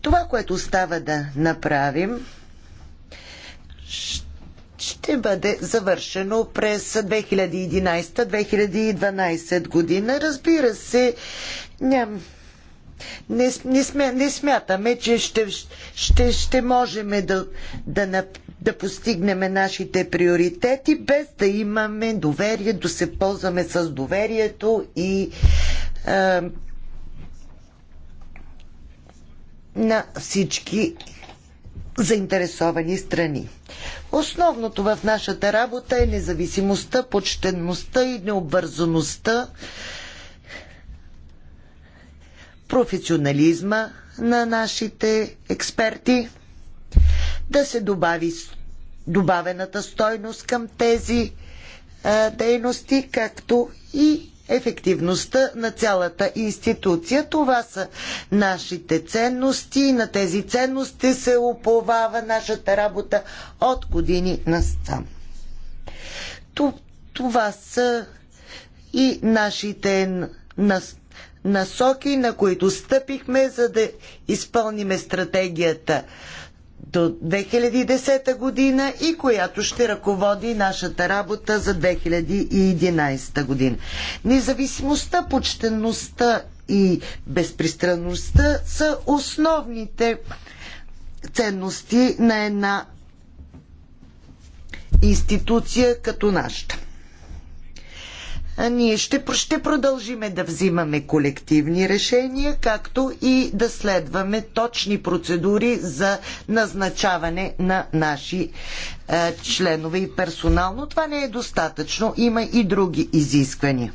Това, което става да направим, ще бъде завършено през 2011-2012 година. Разбира се, няма не, не, не смятаме, че ще, ще, ще можем да, да, на, да постигнем нашите приоритети без да имаме доверие, да се ползваме с доверието и е, на всички заинтересовани страни. Основното в нашата работа е независимостта, почтенността и необвързаността професионализма на нашите експерти, да се добави добавената стойност към тези а, дейности, както и ефективността на цялата институция. Това са нашите ценности. На тези ценности се уповава нашата работа от години насам. Това са и нашите нас насоки, на които стъпихме, за да изпълниме стратегията до 2010 година и която ще ръководи нашата работа за 2011 година. Независимостта, почтеността и безпристранността са основните ценности на една институция като нашата ние ще, ще продължиме да взимаме колективни решения, както и да следваме точни процедури за назначаване на наши е, членове и персонал, но това не е достатъчно. Има и други изисквания.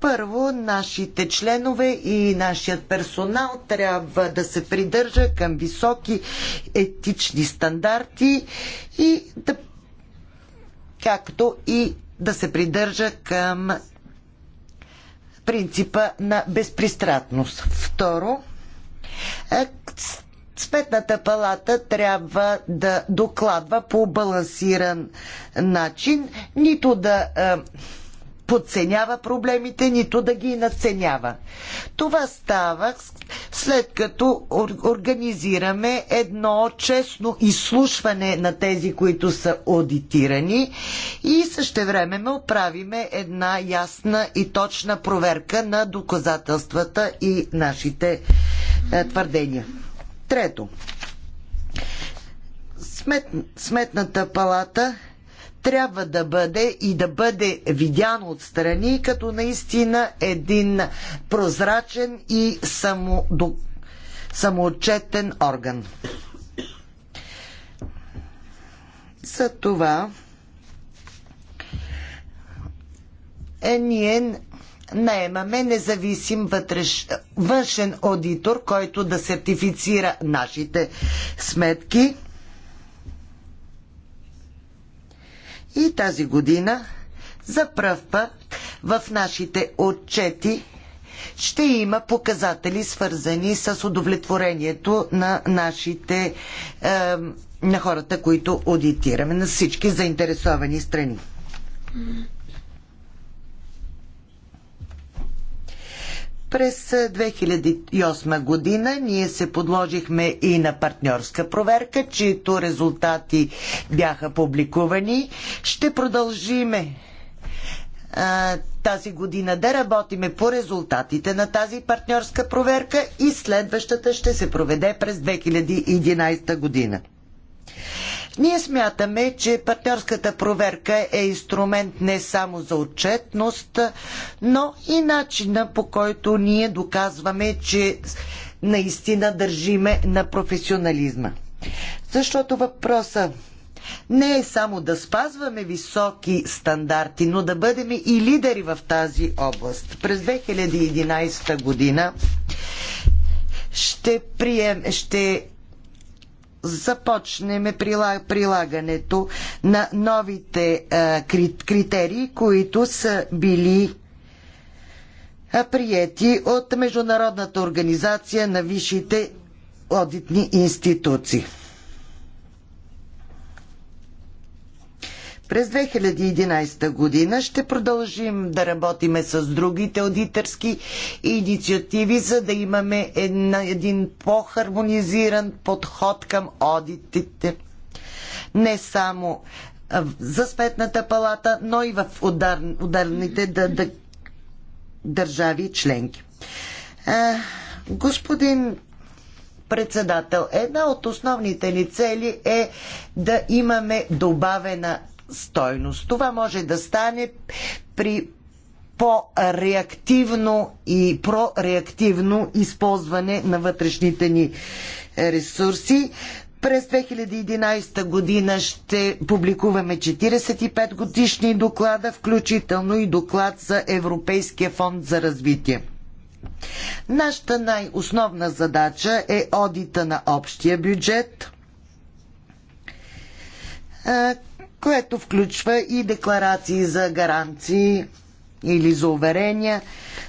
Първо, нашите членове и нашият персонал трябва да се придържа към високи етични стандарти и да както и да се придържа към принципа на безпристрастност. Второ, е, Сметната палата трябва да докладва по балансиран начин, нито да е, подценява проблемите, нито да ги надценява. Това става след като организираме едно честно изслушване на тези, които са аудитирани и същевременно правиме една ясна и точна проверка на доказателствата и нашите е, твърдения. Трето. Смет, сметната палата трябва да бъде и да бъде видян отстрани като наистина един прозрачен и самодо... самоотчетен орган. За това е ние наемаме независим вътреш... външен аудитор, който да сертифицира нашите сметки И тази година за пръв път в нашите отчети ще има показатели свързани с удовлетворението на нашите е, на хората, които аудитираме, на всички заинтересовани страни. През 2008 година ние се подложихме и на партньорска проверка, чието резултати бяха публикувани. Ще продължиме а, тази година да работиме по резултатите на тази партньорска проверка и следващата ще се проведе през 2011 година. Ние смятаме, че партньорската проверка е инструмент не само за отчетност, но и начина по който ние доказваме, че наистина държиме на професионализма. Защото въпроса не е само да спазваме високи стандарти, но да бъдем и лидери в тази област. През 2011 година ще, прием, ще започнем прилагането на новите критерии, които са били приети от Международната организация на висшите одитни институции. През 2011 година ще продължим да работиме с другите аудиторски инициативи, за да имаме една, един по-хармонизиран подход към одитите. Не само за Сметната палата, но и в удар, ударните да, да, държави членки. А, господин председател, една от основните ни цели е да имаме добавена стойност. Това може да стане при по-реактивно и прореактивно използване на вътрешните ни ресурси. През 2011 година ще публикуваме 45 годишни доклада, включително и доклад за Европейския фонд за развитие. Нашата най-основна задача е одита на общия бюджет, което включва и декларации за гаранции или за уверения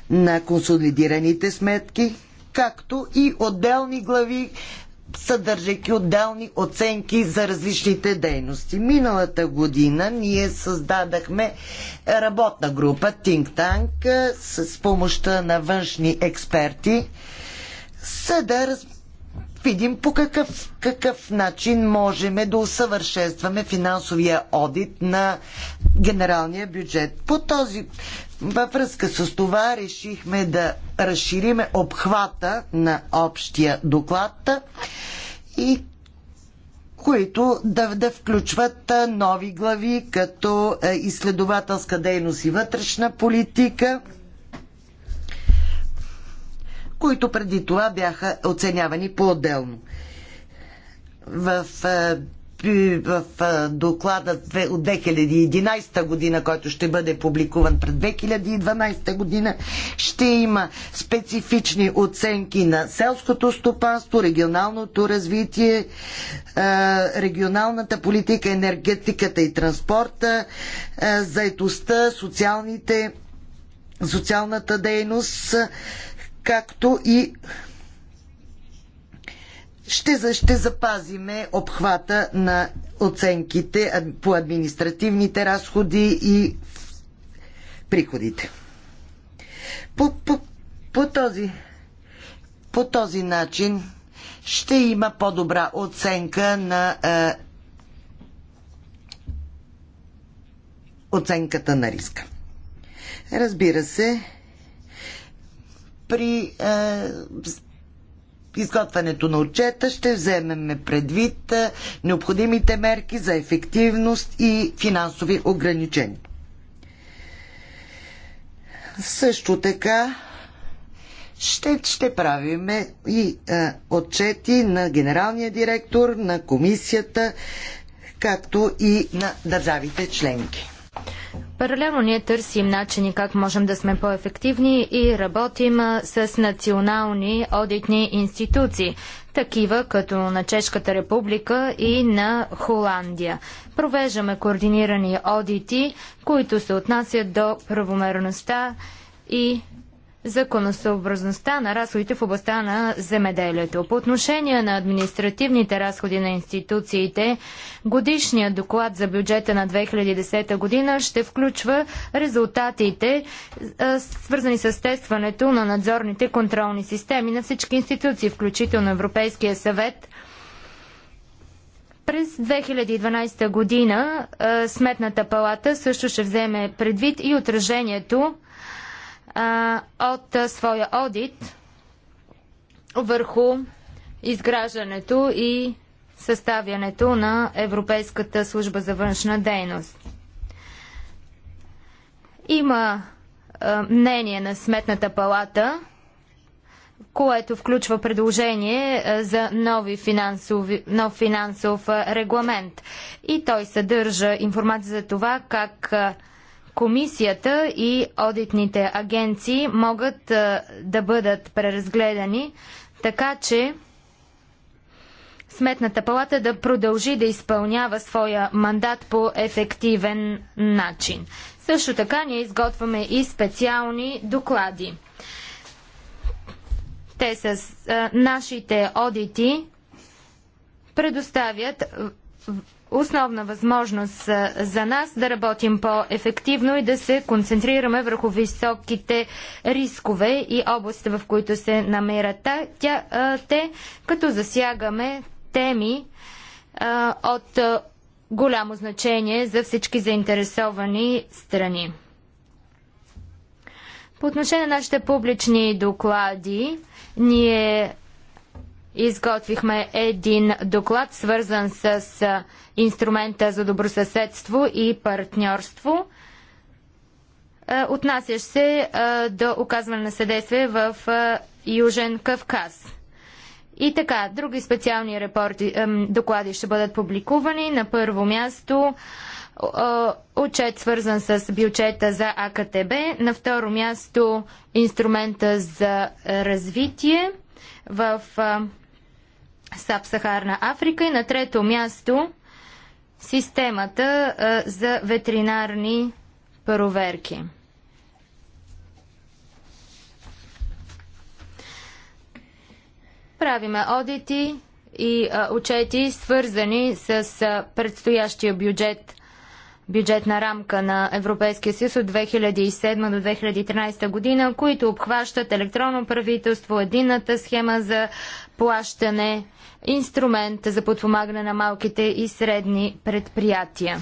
на консолидираните сметки, както и отделни глави, съдържайки отделни оценки за различните дейности. Миналата година ние създадахме работна група Think Tank с помощта на външни експерти, за да видим по какъв, какъв начин можем да усъвършенстваме финансовия одит на генералния бюджет. По този, във връзка с това решихме да разшириме обхвата на общия доклад и които да, да включват нови глави, като изследователска дейност и вътрешна политика – които преди това бяха оценявани по-отделно. В в доклада от 2011 година, който ще бъде публикуван пред 2012 година, ще има специфични оценки на селското стопанство, регионалното развитие, регионалната политика, енергетиката и транспорта, заетостта, социалните социалната дейност, както и ще, ще запазиме обхвата на оценките по административните разходи и приходите. По, по, по, този, по този начин ще има по-добра оценка на е, оценката на риска. Разбира се, при е, изготвянето на отчета ще вземем предвид е, необходимите мерки за ефективност и финансови ограничения. Също така ще, ще правиме и е, отчети на генералния директор, на комисията, както и на държавите членки. Паралелно ние търсим начини как можем да сме по-ефективни и работим с национални одитни институции, такива като на Чешката република и на Холандия. Провеждаме координирани одити, които се отнасят до правомерността и законосъобразността на разходите в областта на земеделието. По отношение на административните разходи на институциите, годишният доклад за бюджета на 2010 година ще включва резултатите, свързани с тестването на надзорните контролни системи на всички институции, включително Европейския съвет. През 2012 година Сметната палата също ще вземе предвид и отражението а, от своя одит върху изграждането и съставянето на Европейската служба за външна дейност. Има а, мнение на Сметната палата, което включва предложение за нови финансови, нов финансов регламент. И той съдържа информация за това как Комисията и одитните агенции могат да бъдат преразгледани, така че Сметната палата да продължи да изпълнява своя мандат по ефективен начин. Също така ние изготвяме и специални доклади. Те с а, нашите одити предоставят основна възможност за нас да работим по-ефективно и да се концентрираме върху високите рискове и области, в които се намират тя, те, като засягаме теми а, от голямо значение за всички заинтересовани страни. По отношение на нашите публични доклади, ние изготвихме един доклад, свързан с инструмента за добросъседство и партньорство, отнасящ се до оказване на съдействие в Южен Кавказ. И така, други специални репорти, доклади ще бъдат публикувани. На първо място отчет свързан с бюджета за АКТБ. На второ място инструмента за развитие в Сабсахарна Африка и на трето място системата а, за ветеринарни проверки. Правиме одити и а, отчети, свързани с а, предстоящия бюджет, бюджетна рамка на Европейския съюз от 2007 до 2013 година, които обхващат електронно правителство, единната схема за плащане, инструмент за подпомагане на малките и средни предприятия.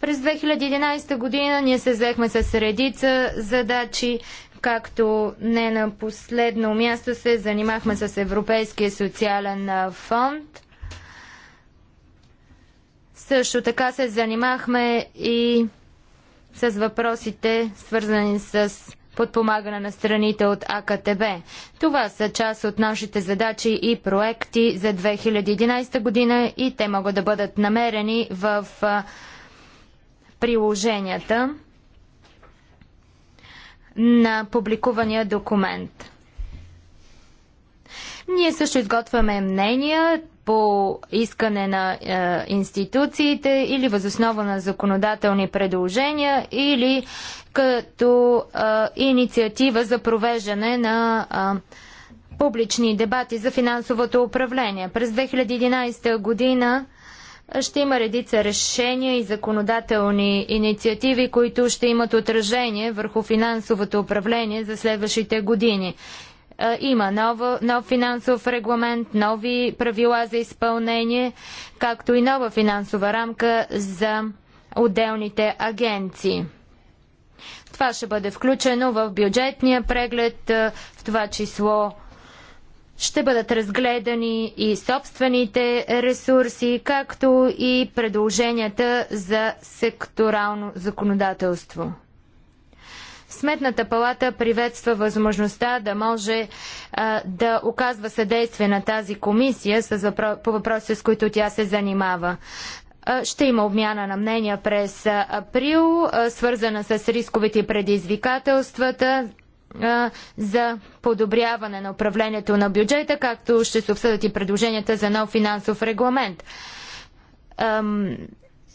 През 2011 година ние се взехме с редица задачи, както не на последно място се занимахме с Европейския социален фонд. Също така се занимахме и с въпросите, свързани с подпомагане на страните от АКТБ. Това са част от нашите задачи и проекти за 2011 година и те могат да бъдат намерени в приложенията на публикувания документ. Ние също изготвяме мнения, по искане на е, институциите или възоснова на законодателни предложения или като е, инициатива за провеждане на е, публични дебати за финансовото управление. През 2011 година е, ще има редица решения и законодателни инициативи, които ще имат отражение върху финансовото управление за следващите години. Има нов, нов финансов регламент, нови правила за изпълнение, както и нова финансова рамка за отделните агенции. Това ще бъде включено в бюджетния преглед, в това число ще бъдат разгледани и собствените ресурси, както и предложенията за секторално законодателство. Сметната палата приветства възможността да може а, да оказва съдействие на тази комисия с въпро... по въпроси, с които тя се занимава. ще има обмяна на мнения през април, свързана с рисковите и предизвикателствата за подобряване на управлението на бюджета, както ще се обсъдят и предложенията за нов финансов регламент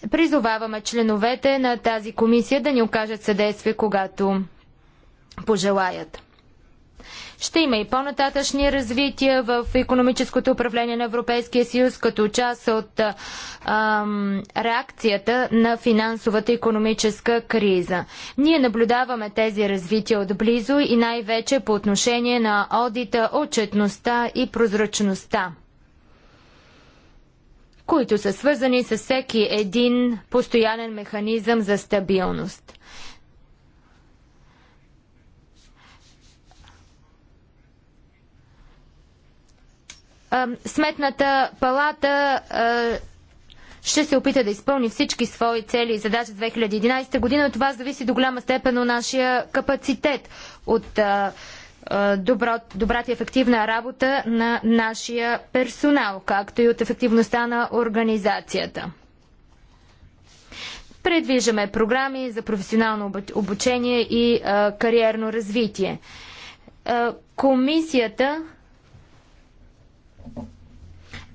Призоваваме членовете на тази комисия да ни окажат съдействие, когато пожелаят. Ще има и по-нататъчни развития в економическото управление на Европейския съюз като част от ам, реакцията на финансовата економическа криза. Ние наблюдаваме тези развития отблизо и най-вече по отношение на одита, отчетността и прозрачността които са свързани с всеки един постоянен механизъм за стабилност. Сметната палата ще се опита да изпълни всички свои цели и задачи 2011 година. това зависи до голяма степен от нашия капацитет, от добро, добрата и ефективна работа на нашия персонал, както и от ефективността на организацията. Предвиждаме програми за професионално обучение и а, кариерно развитие. А, комисията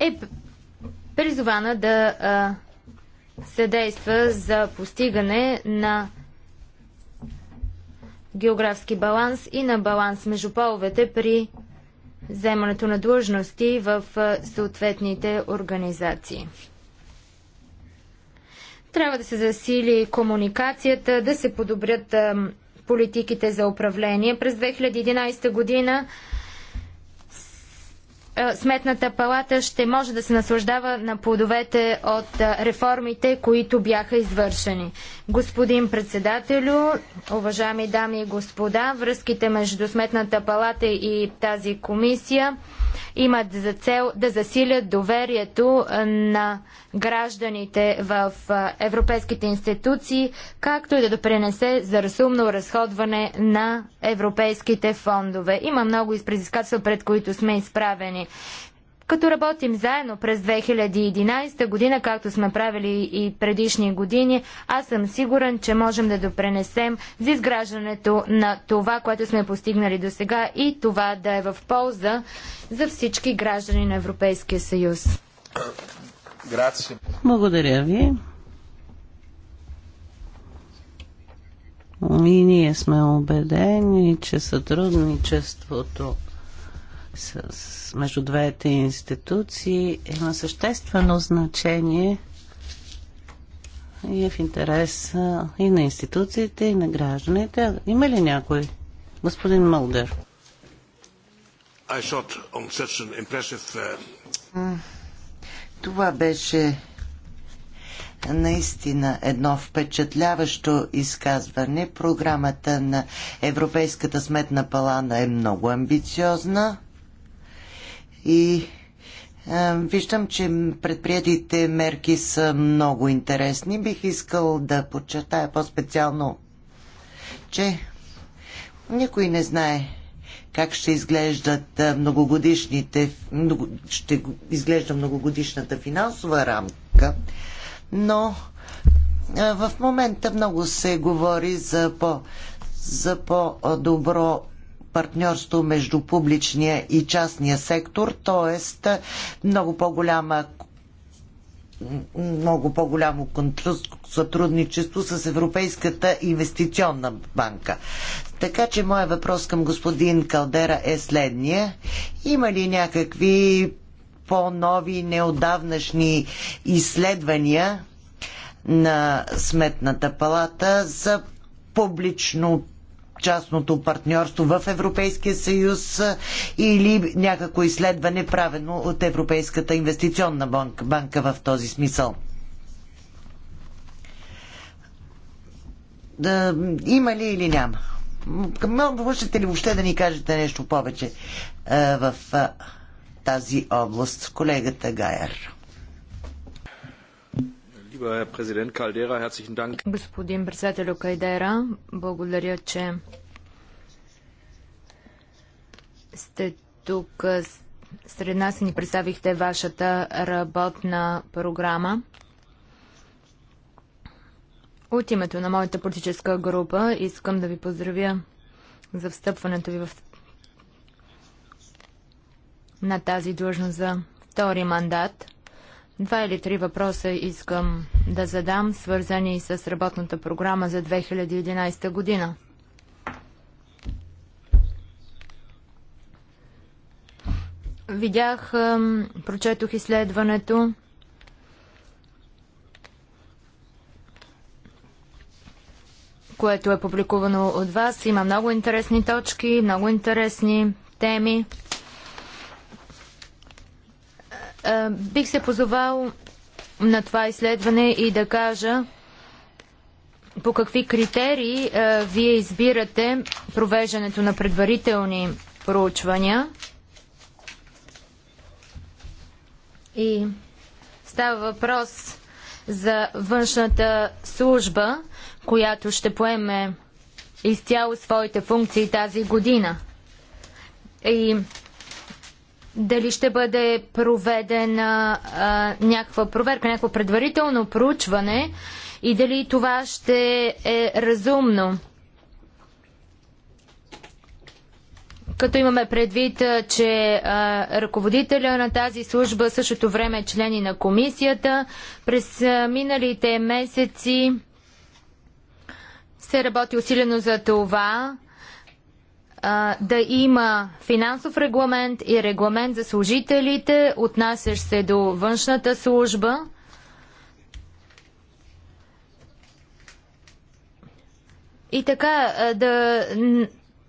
е призована да а, се действа за постигане на географски баланс и на баланс между половете при вземането на длъжности в съответните организации. Трябва да се засили комуникацията, да се подобрят политиките за управление. През 2011 година е, Сметната палата ще може да се наслаждава на плодовете от е, реформите, които бяха извършени. Господин председателю, уважаеми дами и господа, връзките между Сметната палата и тази комисия имат за цел да засилят доверието на гражданите в европейските институции, както и да допренесе за разумно разходване на европейските фондове. Има много предизвикателства, пред които сме изправени. Като работим заедно през 2011 година, както сме правили и предишни години, аз съм сигурен, че можем да допренесем за изграждането на това, което сме постигнали до сега и това да е в полза за всички граждани на Европейския съюз. Благодаря ви. И ние сме убедени, че сътрудничеството с, между двете институции има съществено значение и е в интерес и на институциите, и на гражданите. Има ли някой? Господин Мълдер. Impressive... Uh, това беше наистина едно впечатляващо изказване. Програмата на Европейската сметна палана е много амбициозна и Виждам, че предприятите мерки са много интересни. Бих искал да подчертая по-специално, че никой не знае как ще изглеждат многогодишните, много, ще изглежда многогодишната финансова рамка, но в момента много се говори за по, за по-добро партньорство между публичния и частния сектор, т.е. много по-голяма много по-голямо сътрудничество с Европейската инвестиционна банка. Така че моят въпрос към господин Калдера е следния. Има ли някакви по-нови, неодавнашни изследвания на Сметната палата за публично частното партньорство в Европейския съюз или някакво изследване правено от Европейската инвестиционна банка, банка в този смисъл. Да, има ли или няма? Можете ли въобще да ни кажете нещо повече а, в а, тази област, колегата Гайер? Господин председателю Кайдера, благодаря, че сте тук сред нас и ни представихте вашата работна програма. От името на моята политическа група искам да ви поздравя за встъпването ви в... на тази длъжност за втори мандат – Два или три въпроса искам да задам, свързани с работната програма за 2011 година. Видях, прочетох изследването. което е публикувано от вас. Има много интересни точки, много интересни теми. Е, бих се позовал на това изследване и да кажа по какви критерии е, вие избирате провеждането на предварителни проучвания. И става въпрос за външната служба, която ще поеме изцяло своите функции тази година. И дали ще бъде проведена а, някаква проверка, някакво предварително проучване и дали това ще е разумно. Като имаме предвид, че а, ръководителя на тази служба същото време е члени на комисията, през а, миналите месеци се работи усилено за това а, да има финансов регламент и регламент за служителите, отнасящ се до външната служба. И така, да,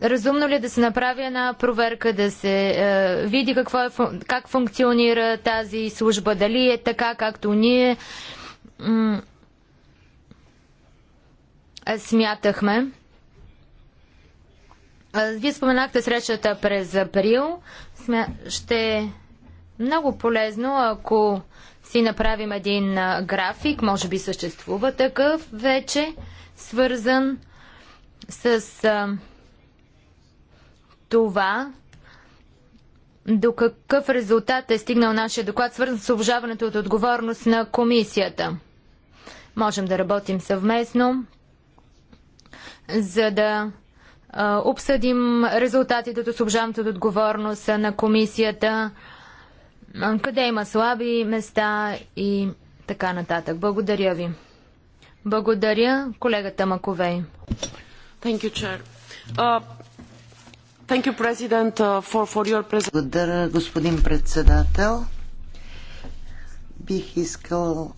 разумно ли е да се направи една проверка, да се е, види какво е, как функционира тази служба, дали е така, както ние смятахме. Вие споменахте срещата през април. Ще е много полезно, ако си направим един график, може би съществува такъв вече, свързан с това, до какъв резултат е стигнал нашия доклад, свързан с обжаването от отговорност на комисията. Можем да работим съвместно, за да обсъдим резултатите от от отговорност на комисията, къде има слаби места и така нататък. Благодаря ви. Благодаря колегата Маковей. Thank you, Chair. Uh, thank you, President, uh, for, for your Благодаря, господин председател. Бих искал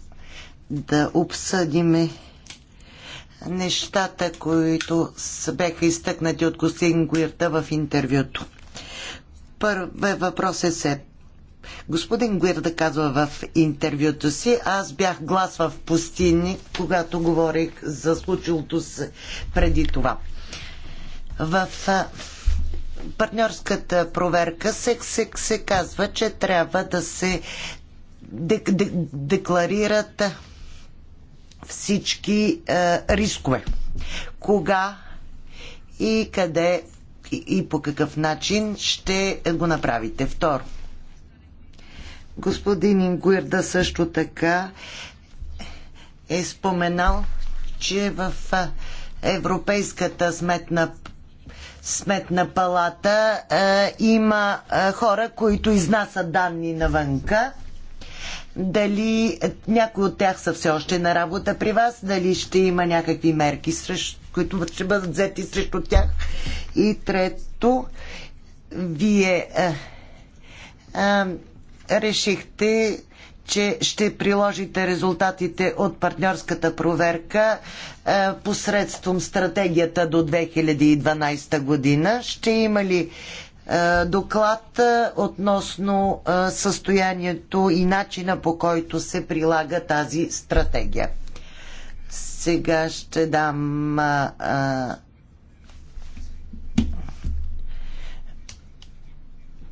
да обсъдиме нещата, които бяха изтъкнати от господин Гуирта в интервюто. Първият въпрос е се. Господин Гуирта казва в интервюто си, аз бях глас в пустини, когато говорих за случилото се преди това. В партньорската проверка се, се, се казва, че трябва да се декларират всички е, рискове. Кога и къде и, и по какъв начин ще го направите? Второ. Господин Ингуирда също така е споменал, че в е, Европейската сметна сметна палата е, има е, хора, които изнасят данни навънка дали някои от тях са все още на работа при вас, дали ще има някакви мерки, срещу, които ще бъдат взети срещу тях. И трето, вие а, е, а, е, решихте че ще приложите резултатите от партньорската проверка а, е, посредством стратегията до 2012 година. Ще има ли е, доклад е, относно е, състоянието и начина по който се прилага тази стратегия. Сега ще дам а,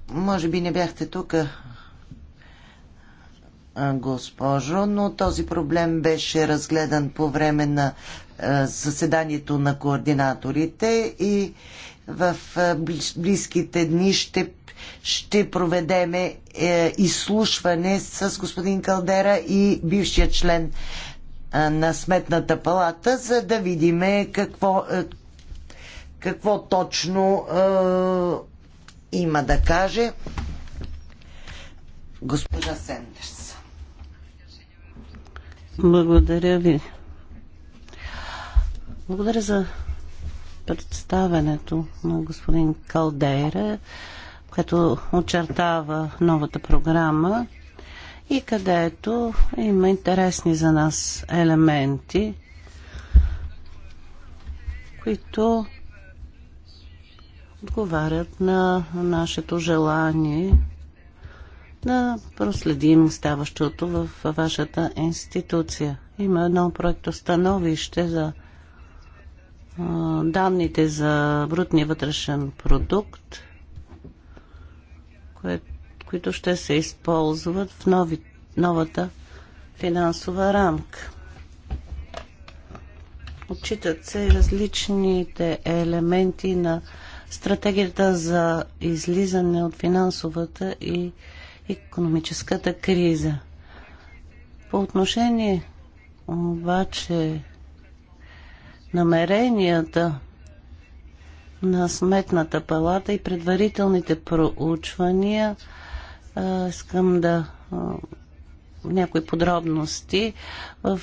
може би не бяхте тук, госпожо, но този проблем беше разгледан по време на заседанието на координаторите и в близките дни ще, ще проведеме е, изслушване с господин Калдера и бившия член на Сметната палата, за да видим е, какво, е, какво точно е, има да каже госпожа Сендерс. Благодаря ви. Благодаря за представенето на господин Калдейра, което очертава новата програма и където има интересни за нас елементи, които отговарят на нашето желание да проследим ставащото в вашата институция. Има едно проекто становище за данните за брутния вътрешен продукт, кое, които ще се използват в нови, новата финансова рамка. Отчитат се различните елементи на стратегията за излизане от финансовата и економическата криза. По отношение обаче намеренията на Сметната палата и предварителните проучвания. искам да някои подробности в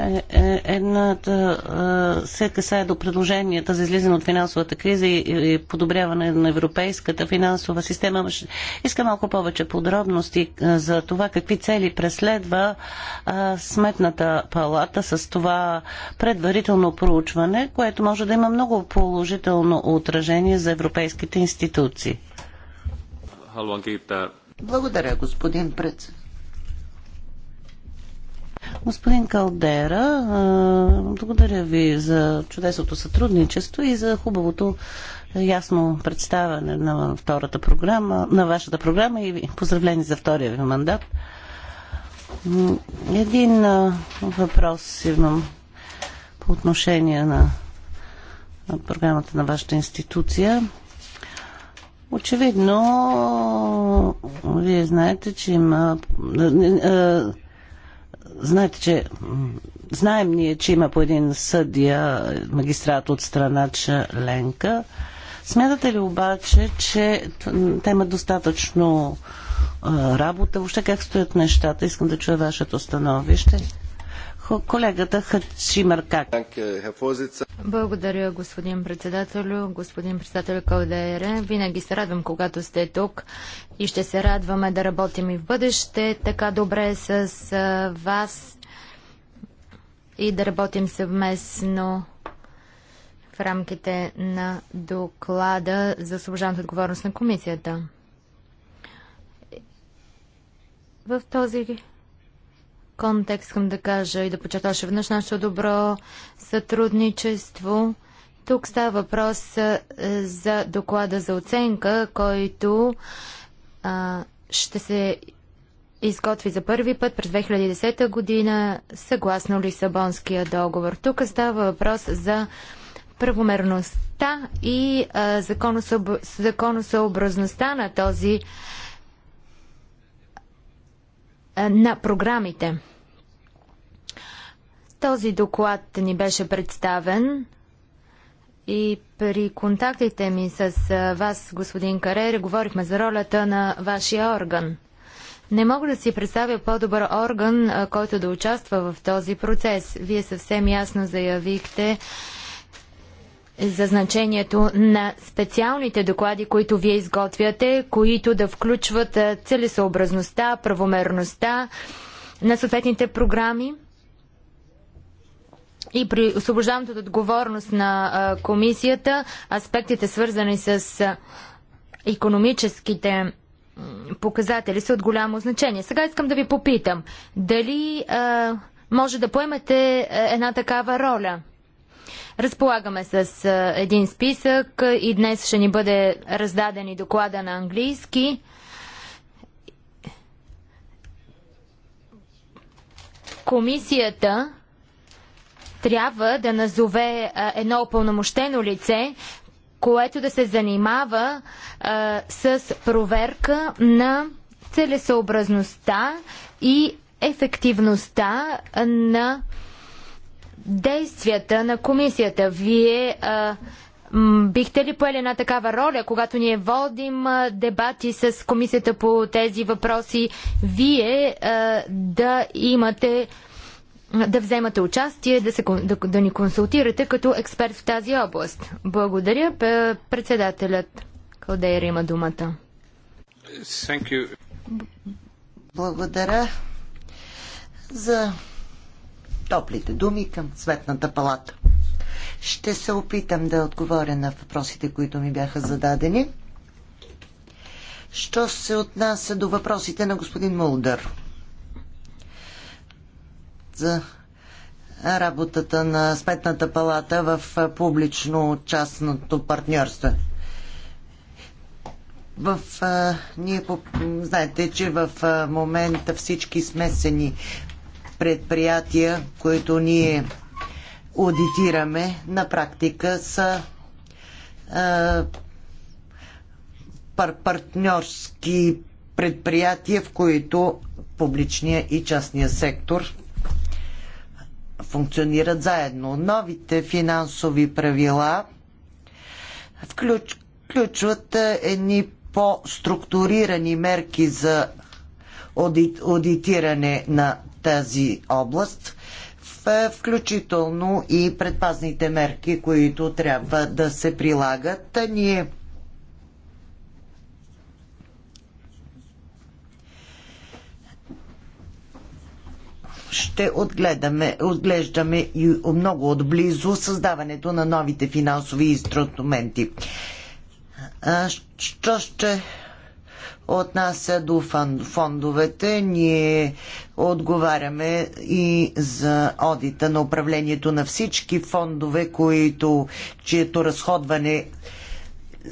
е, е, едната е, се касае до предложенията за излизане от финансовата криза и подобряване на европейската финансова система. Иска малко повече подробности за това какви цели преследва Сметната палата с това предварително проучване, което може да има много положително отражение за европейските институции. Благодаря, господин председател. Господин Калдера, благодаря ви за чудесното сътрудничество и за хубавото ясно представяне на втората програма, на вашата програма и поздравление за втория ви мандат. Един въпрос имам по отношение на програмата на вашата институция. Очевидно, вие знаете, че има знаете, че знаем ние, че има по един съдия, магистрат от страна членка. Смятате ли обаче, че те имат достатъчно работа? Въобще как стоят нещата? Искам да чуя вашето становище. Колегата Хачимаркак. Благодаря, господин председател, господин председател Калдере. Винаги се радвам, когато сте тук и ще се радваме да работим и в бъдеще така добре с вас и да работим съвместно в рамките на доклада за освобожданата отговорност на комисията. В този контекст искам да кажа и да почета още веднъж нашето добро сътрудничество. Тук става въпрос е, за доклада за оценка, който а, ще се изготви за първи път през 2010 година съгласно Лисабонския договор. Тук става въпрос за правомерността и а, законосъобразността на този на програмите. Този доклад ни беше представен и при контактите ми с вас, господин Карер, говорихме за ролята на вашия орган. Не мога да си представя по-добър орган, който да участва в този процес. Вие съвсем ясно заявихте, за значението на специалните доклади, които вие изготвяте, които да включват целесообразността, правомерността на съответните програми и при освобождаването от отговорност на комисията, аспектите свързани с економическите показатели са от голямо значение. Сега искам да ви попитам, дали а, може да поемете една такава роля? Разполагаме с един списък и днес ще ни бъде раздаден и доклада на английски. Комисията трябва да назове едно опълномощено лице, което да се занимава а, с проверка на целесообразността и ефективността на действията на комисията? Вие а, бихте ли поели една такава роля, когато ние водим а, дебати с комисията по тези въпроси? Вие а, да имате да вземате участие, да, се, да, да ни консултирате като експерт в тази област. Благодаря. Председателят Калдейра има думата. Благодаря за топлите думи към Светната палата. Ще се опитам да отговоря на въпросите, които ми бяха зададени. Що се отнася до въпросите на господин Мулдър за работата на Сметната палата в публично-частното партньорство? В, а, ние знаете, че в а, момента всички смесени предприятия, които ние аудитираме, на практика са пар- партньорски предприятия, в които публичния и частния сектор функционират заедно. Новите финансови правила включват едни по-структурирани мерки за аудитиране на тази област, включително и предпазните мерки, които трябва да се прилагат. Ние ще отгледаме, отглеждаме и много отблизо създаването на новите финансови инструменти. Що ще отнася до фондовете, ние отговаряме и за одита на управлението на всички фондове, които, чието разходване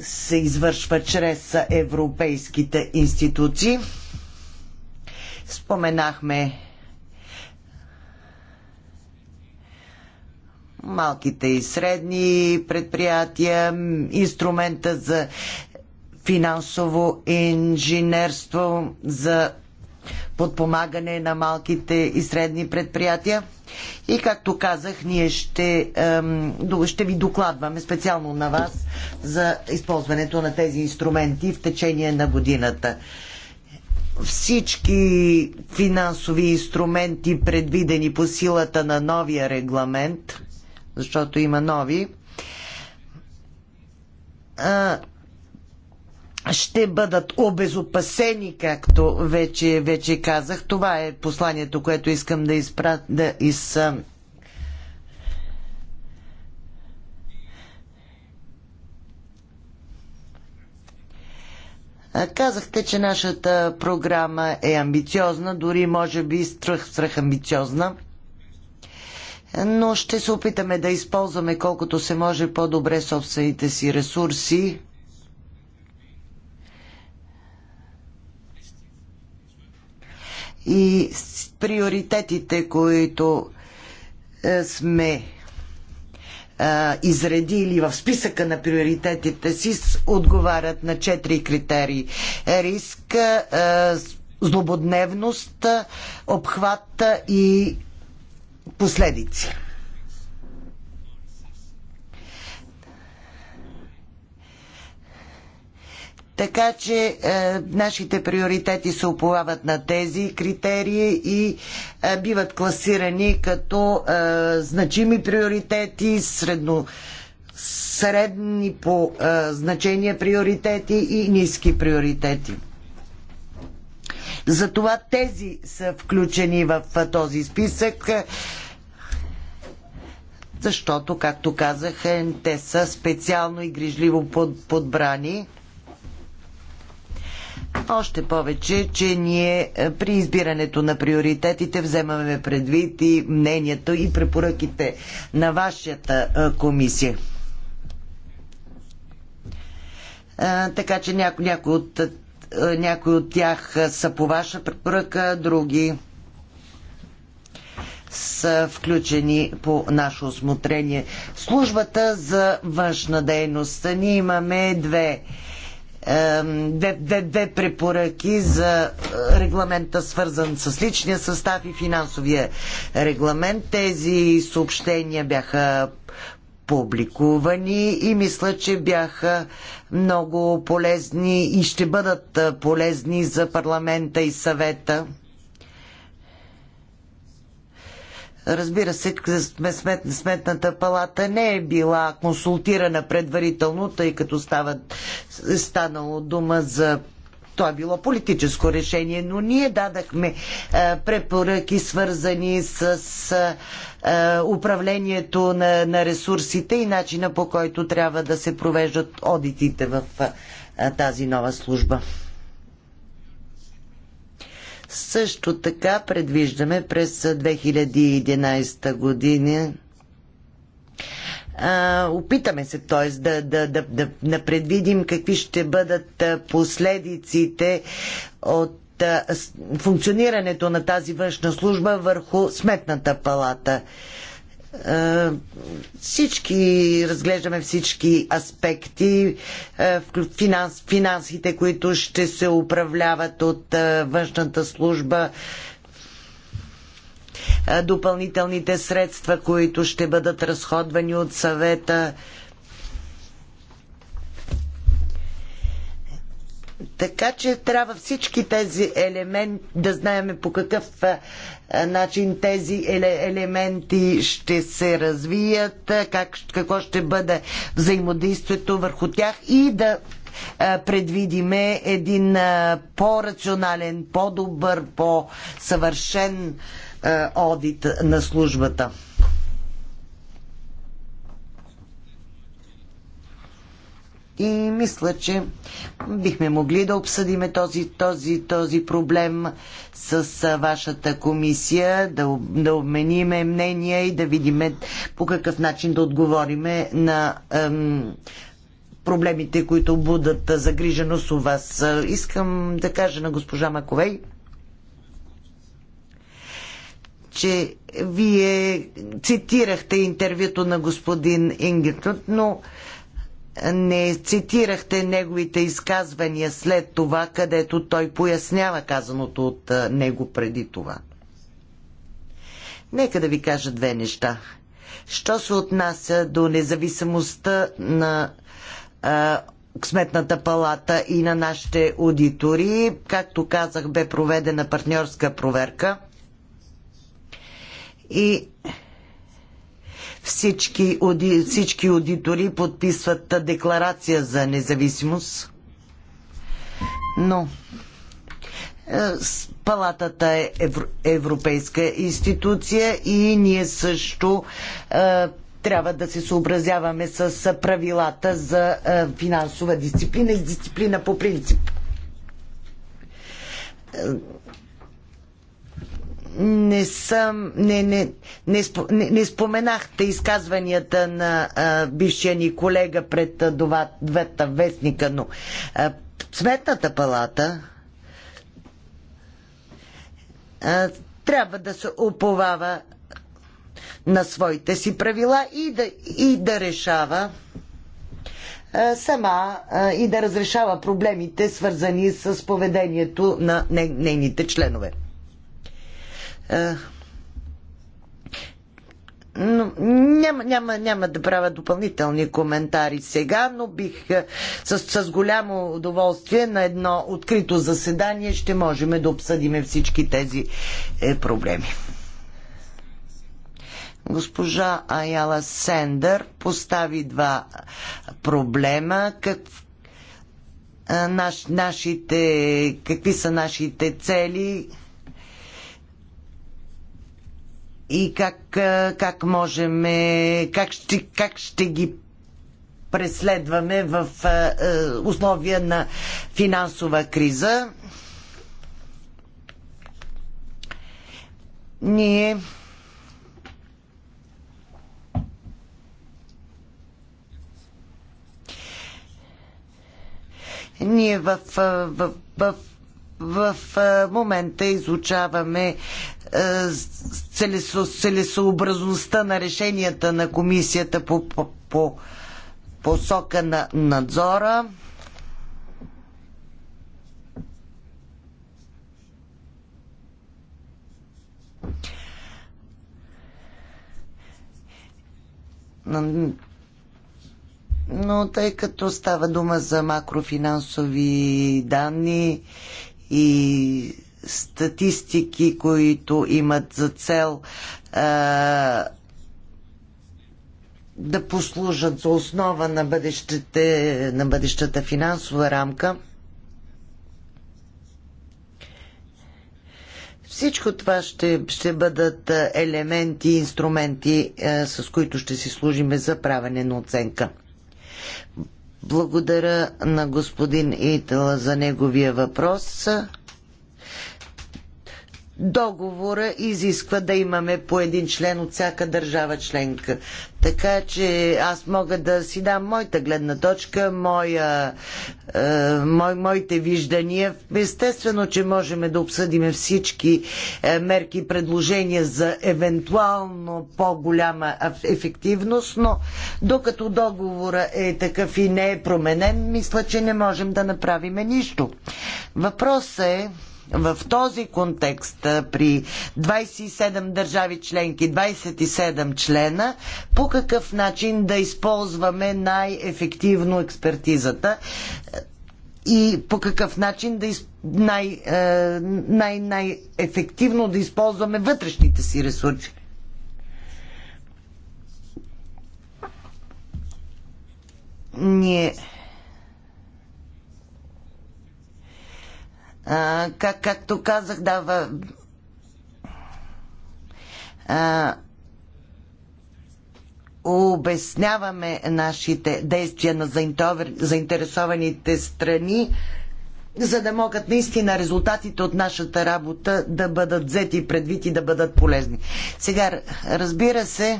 се извършва чрез европейските институции. Споменахме малките и средни предприятия, инструмента за финансово инженерство за подпомагане на малките и средни предприятия. И както казах, ние ще, ще ви докладваме специално на вас за използването на тези инструменти в течение на годината. Всички финансови инструменти, предвидени по силата на новия регламент, защото има нови, ще бъдат обезопасени, както вече, вече казах. Това е посланието, което искам да, изпратя да из... Казахте, че нашата програма е амбициозна, дори може би страх, страх амбициозна но ще се опитаме да използваме колкото се може по-добре собствените си ресурси и приоритетите, които е, сме е, изредили в списъка на приоритетите си, отговарят на четири критерии. Риск, е, злободневност, обхват и последици. Така че е, нашите приоритети се оплават на тези критерии и е, биват класирани като е, значими приоритети, средно, средни по е, значение приоритети и ниски приоритети. Затова тези са включени в е, този списък, е, защото, както казах, е, те са специално и грижливо подбрани още повече, че ние е, при избирането на приоритетите вземаме предвид и мнението и препоръките на вашата е, комисия. Е, така че няко, някои от, от тях са по ваша препоръка, други са включени по наше осмотрение. Службата за външна дейност. Ние имаме две две, две препоръки за е, регламента, свързан с личния състав и финансовия регламент. Тези съобщения бяха публикувани и мисля, че бяха много полезни и ще бъдат е, полезни за парламента и съвета Разбира се, смет, сметната палата не е била консултирана предварително, тъй като става, станало дума за това било политическо решение, но ние дадахме а, е, препоръки, свързани с а, е, е, управлението на, на ресурсите и начина по който трябва да се провеждат одитите в а, тази нова служба. Също така предвиждаме през 2011 година а, опитаме се, т.е. Да, да, да, да, да предвидим какви ще бъдат последиците от функционирането на тази външна служба върху сметната палата. Е, всички, разглеждаме всички аспекти, е, финанс, финансите, които ще се управляват от е, външната служба, допълнителните средства, които ще бъдат разходвани от съвета. Така че трябва всички тези елементи да знаем по какъв е, начин тези елементи ще се развият, е, как, какво ще бъде взаимодействието върху тях и да е, предвидиме един по-рационален, по-добър, по-съвършен одит на службата. и мисля, че бихме могли да обсъдим този, този, този проблем с вашата комисия, да, да обмениме мнения и да видим по какъв начин да отговориме на ем, проблемите, които будат загриженост у вас. Искам да кажа на госпожа Маковей, че вие цитирахте интервюто на господин Ингетут, но не цитирахте неговите изказвания след това, където той пояснява казаното от него преди това. Нека да ви кажа две неща. Що се отнася до независимостта на а, Сметната палата и на нашите аудитори, както казах, бе проведена партньорска проверка и всички, всички аудитори подписват декларация за независимост. Но е, Палатата е европейска институция и ние също е, трябва да се съобразяваме с правилата за е, финансова дисциплина и дисциплина по принцип не съм. Не, не, не, не споменахте изказванията на а, бившия ни колега пред двата вестника, но а, Сметната палата а, трябва да се уповава на своите си правила и да, и да решава а, сама а, и да разрешава проблемите, свързани с поведението на нейните членове. Е, но няма, няма, няма да правя допълнителни коментари сега, но бих е, с, с голямо удоволствие на едно открито заседание ще можем да обсъдим всички тези е, проблеми. Госпожа Аяла Сендър постави два проблема. Как, е, наш, нашите, какви са нашите цели? и как, как можем, е, как ще, как ще ги преследваме в условия на финансова криза. Ние Ние в, в, в, в, в момента изучаваме е, целесообразността на решенията на комисията по, по, по посока на надзора. Но тъй като става дума за макрофинансови данни и статистики, които имат за цел а, да послужат за основа на, бъдещите, на бъдещата финансова рамка. Всичко това ще, ще бъдат елементи, инструменти, а, с които ще си служиме за правене на оценка. Благодаря на господин Итала за неговия въпрос договора изисква да имаме по един член от всяка държава членка. Така че аз мога да си дам моята гледна точка, моя, е, мой, моите виждания. Естествено, че можем да обсъдим всички е, мерки и предложения за евентуално по-голяма ефективност, но докато договора е такъв и не е променен, мисля, че не можем да направим нищо. Въпросът е в този контекст при 27 държави членки, 27 члена, по какъв начин да използваме най-ефективно експертизата и по какъв начин да из... най, най, най ефективно да използваме вътрешните си ресурси. Ние как, както казах, дава. А, обясняваме нашите действия на заинтересованите страни, за да могат наистина резултатите от нашата работа да бъдат взети предвид и да бъдат полезни. Сега, разбира се,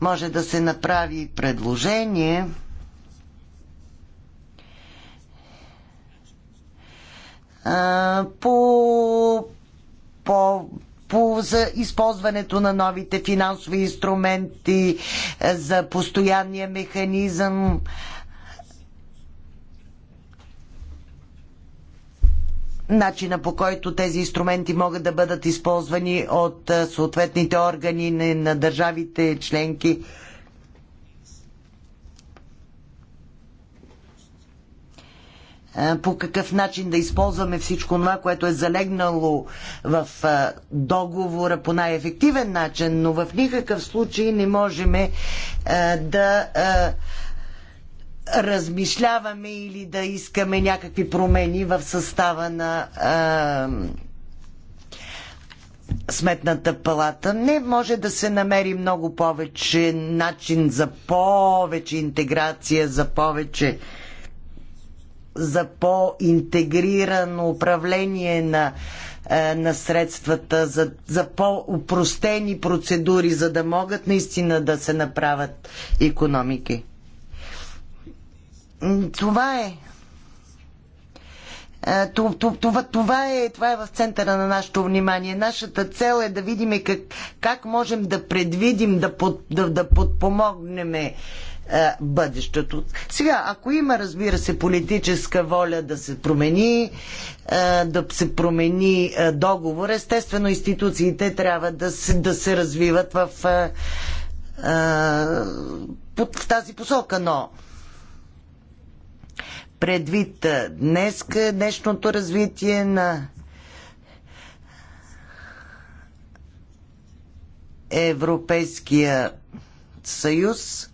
може да се направи предложение по, по, по за използването на новите финансови инструменти, е, за постоянния механизъм. начина по който тези инструменти могат да бъдат използвани от е, съответните органи на държавите членки. Е, по какъв начин да използваме всичко това, което е залегнало в е, договора по най-ефективен начин, но в никакъв случай не можем е, да размишляваме или да искаме някакви промени в състава на Сметната палата. Не може да се намери много повече начин за повече интеграция, за повече за по-интегрирано управление на, е, на средствата, за, за по-упростени процедури, за да могат наистина да се направят економики. Това е. е това, това, е, това е в центъра на нашето внимание. Нашата цел е да видим как, как можем да предвидим, да, под, да, да подпомогнем е, бъдещето. Сега, ако има, разбира се, политическа воля да се промени, е, да се промени е, договор, естествено институциите трябва да се, да се развиват в, в тази посока, но предвид днес, днешното развитие на Европейския съюз,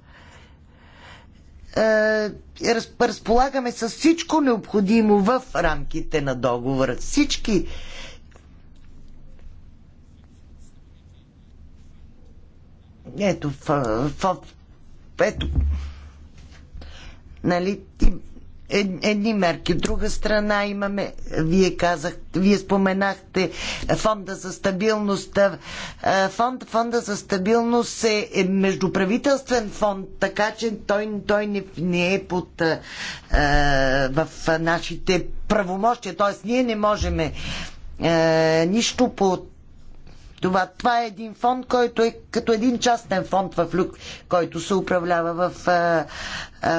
е, разполагаме с всичко необходимо в рамките на договора. Всички Ето, в, в, ето, нали, едни мерки. От друга страна имаме, вие казахте, вие споменахте фонда за стабилност. Е, фонд, фонда за стабилност е, е междуправителствен фонд, така че той, той не, не е под а, е, в нашите правомощия. Тоест, ние не можем нищо под това, това е един фонд, който е като един частен фонд в Люк, който се управлява в а, а,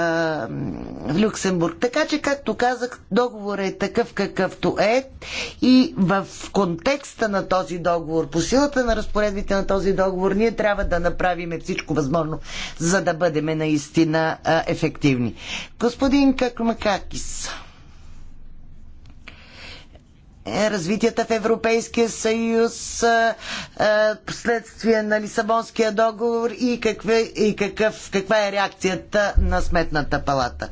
в Люксембург. Така че, както казах, договорът е такъв какъвто е и в контекста на този договор, по силата на разпоредбите на този договор, ние трябва да направим всичко възможно, за да бъдем наистина а, ефективни. Господин Какмакакис. Е развитията в Европейския съюз, е, е, последствия на Лисабонския договор и, каква, и какъв, каква е реакцията на Сметната палата.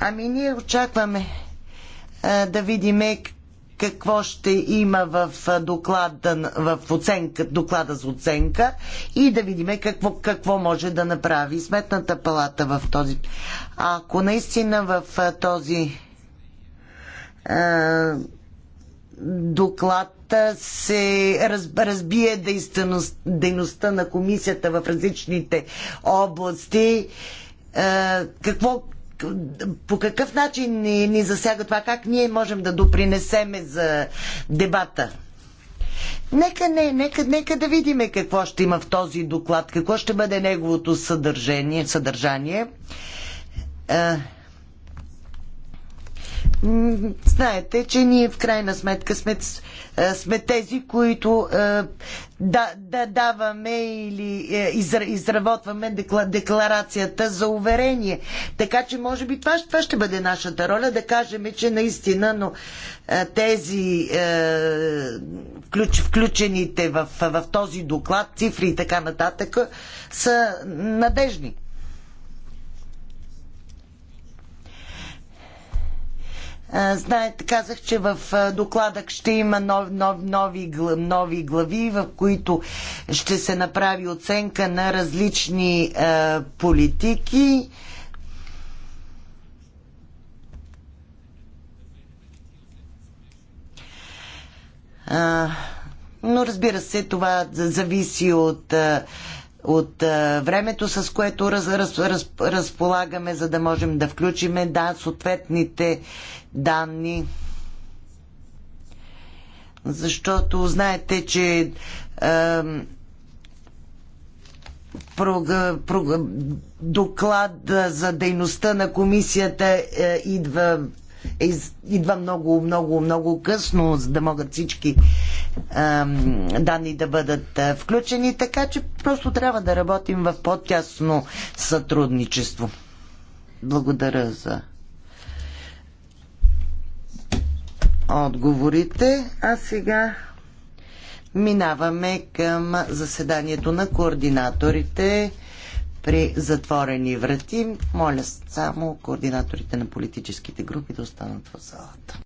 Ами ние очакваме да видим какво ще има в доклада, в оценка, доклада за оценка и да видим какво, какво може да направи Сметната палата в този. Ако наистина в този доклад се разбие дейността на комисията в различните области. Какво, по какъв начин ни, ни засяга това? Как ние можем да допринесеме за дебата? Нека не, нека, нека да видим какво ще има в този доклад, какво ще бъде неговото съдържание. съдържание знаете, че ние в крайна сметка сме, сме тези, които да, да даваме или е, изработваме декларацията за уверение. Така че, може би, това, това ще бъде нашата роля, да кажем, че наистина, но тези е, включ, включените в, в този доклад, цифри и така нататък, са надежни. Знаете, казах, че в доклада ще има нов, нов, нови, нови глави, в които ще се направи оценка на различни е, политики. А, но разбира се, това зависи от а, от времето, с което раз, раз, раз, разполагаме, за да можем да включиме да, съответните данни. Защото знаете, че е, прога, прога, доклад за дейността на комисията е, идва е, идва много, много, много късно, за да могат всички ам, данни да бъдат а, включени, така че просто трябва да работим в по-тясно сътрудничество. Благодаря за отговорите. А сега минаваме към заседанието на координаторите при затворени врати. Моля само координаторите на политическите групи да останат в залата.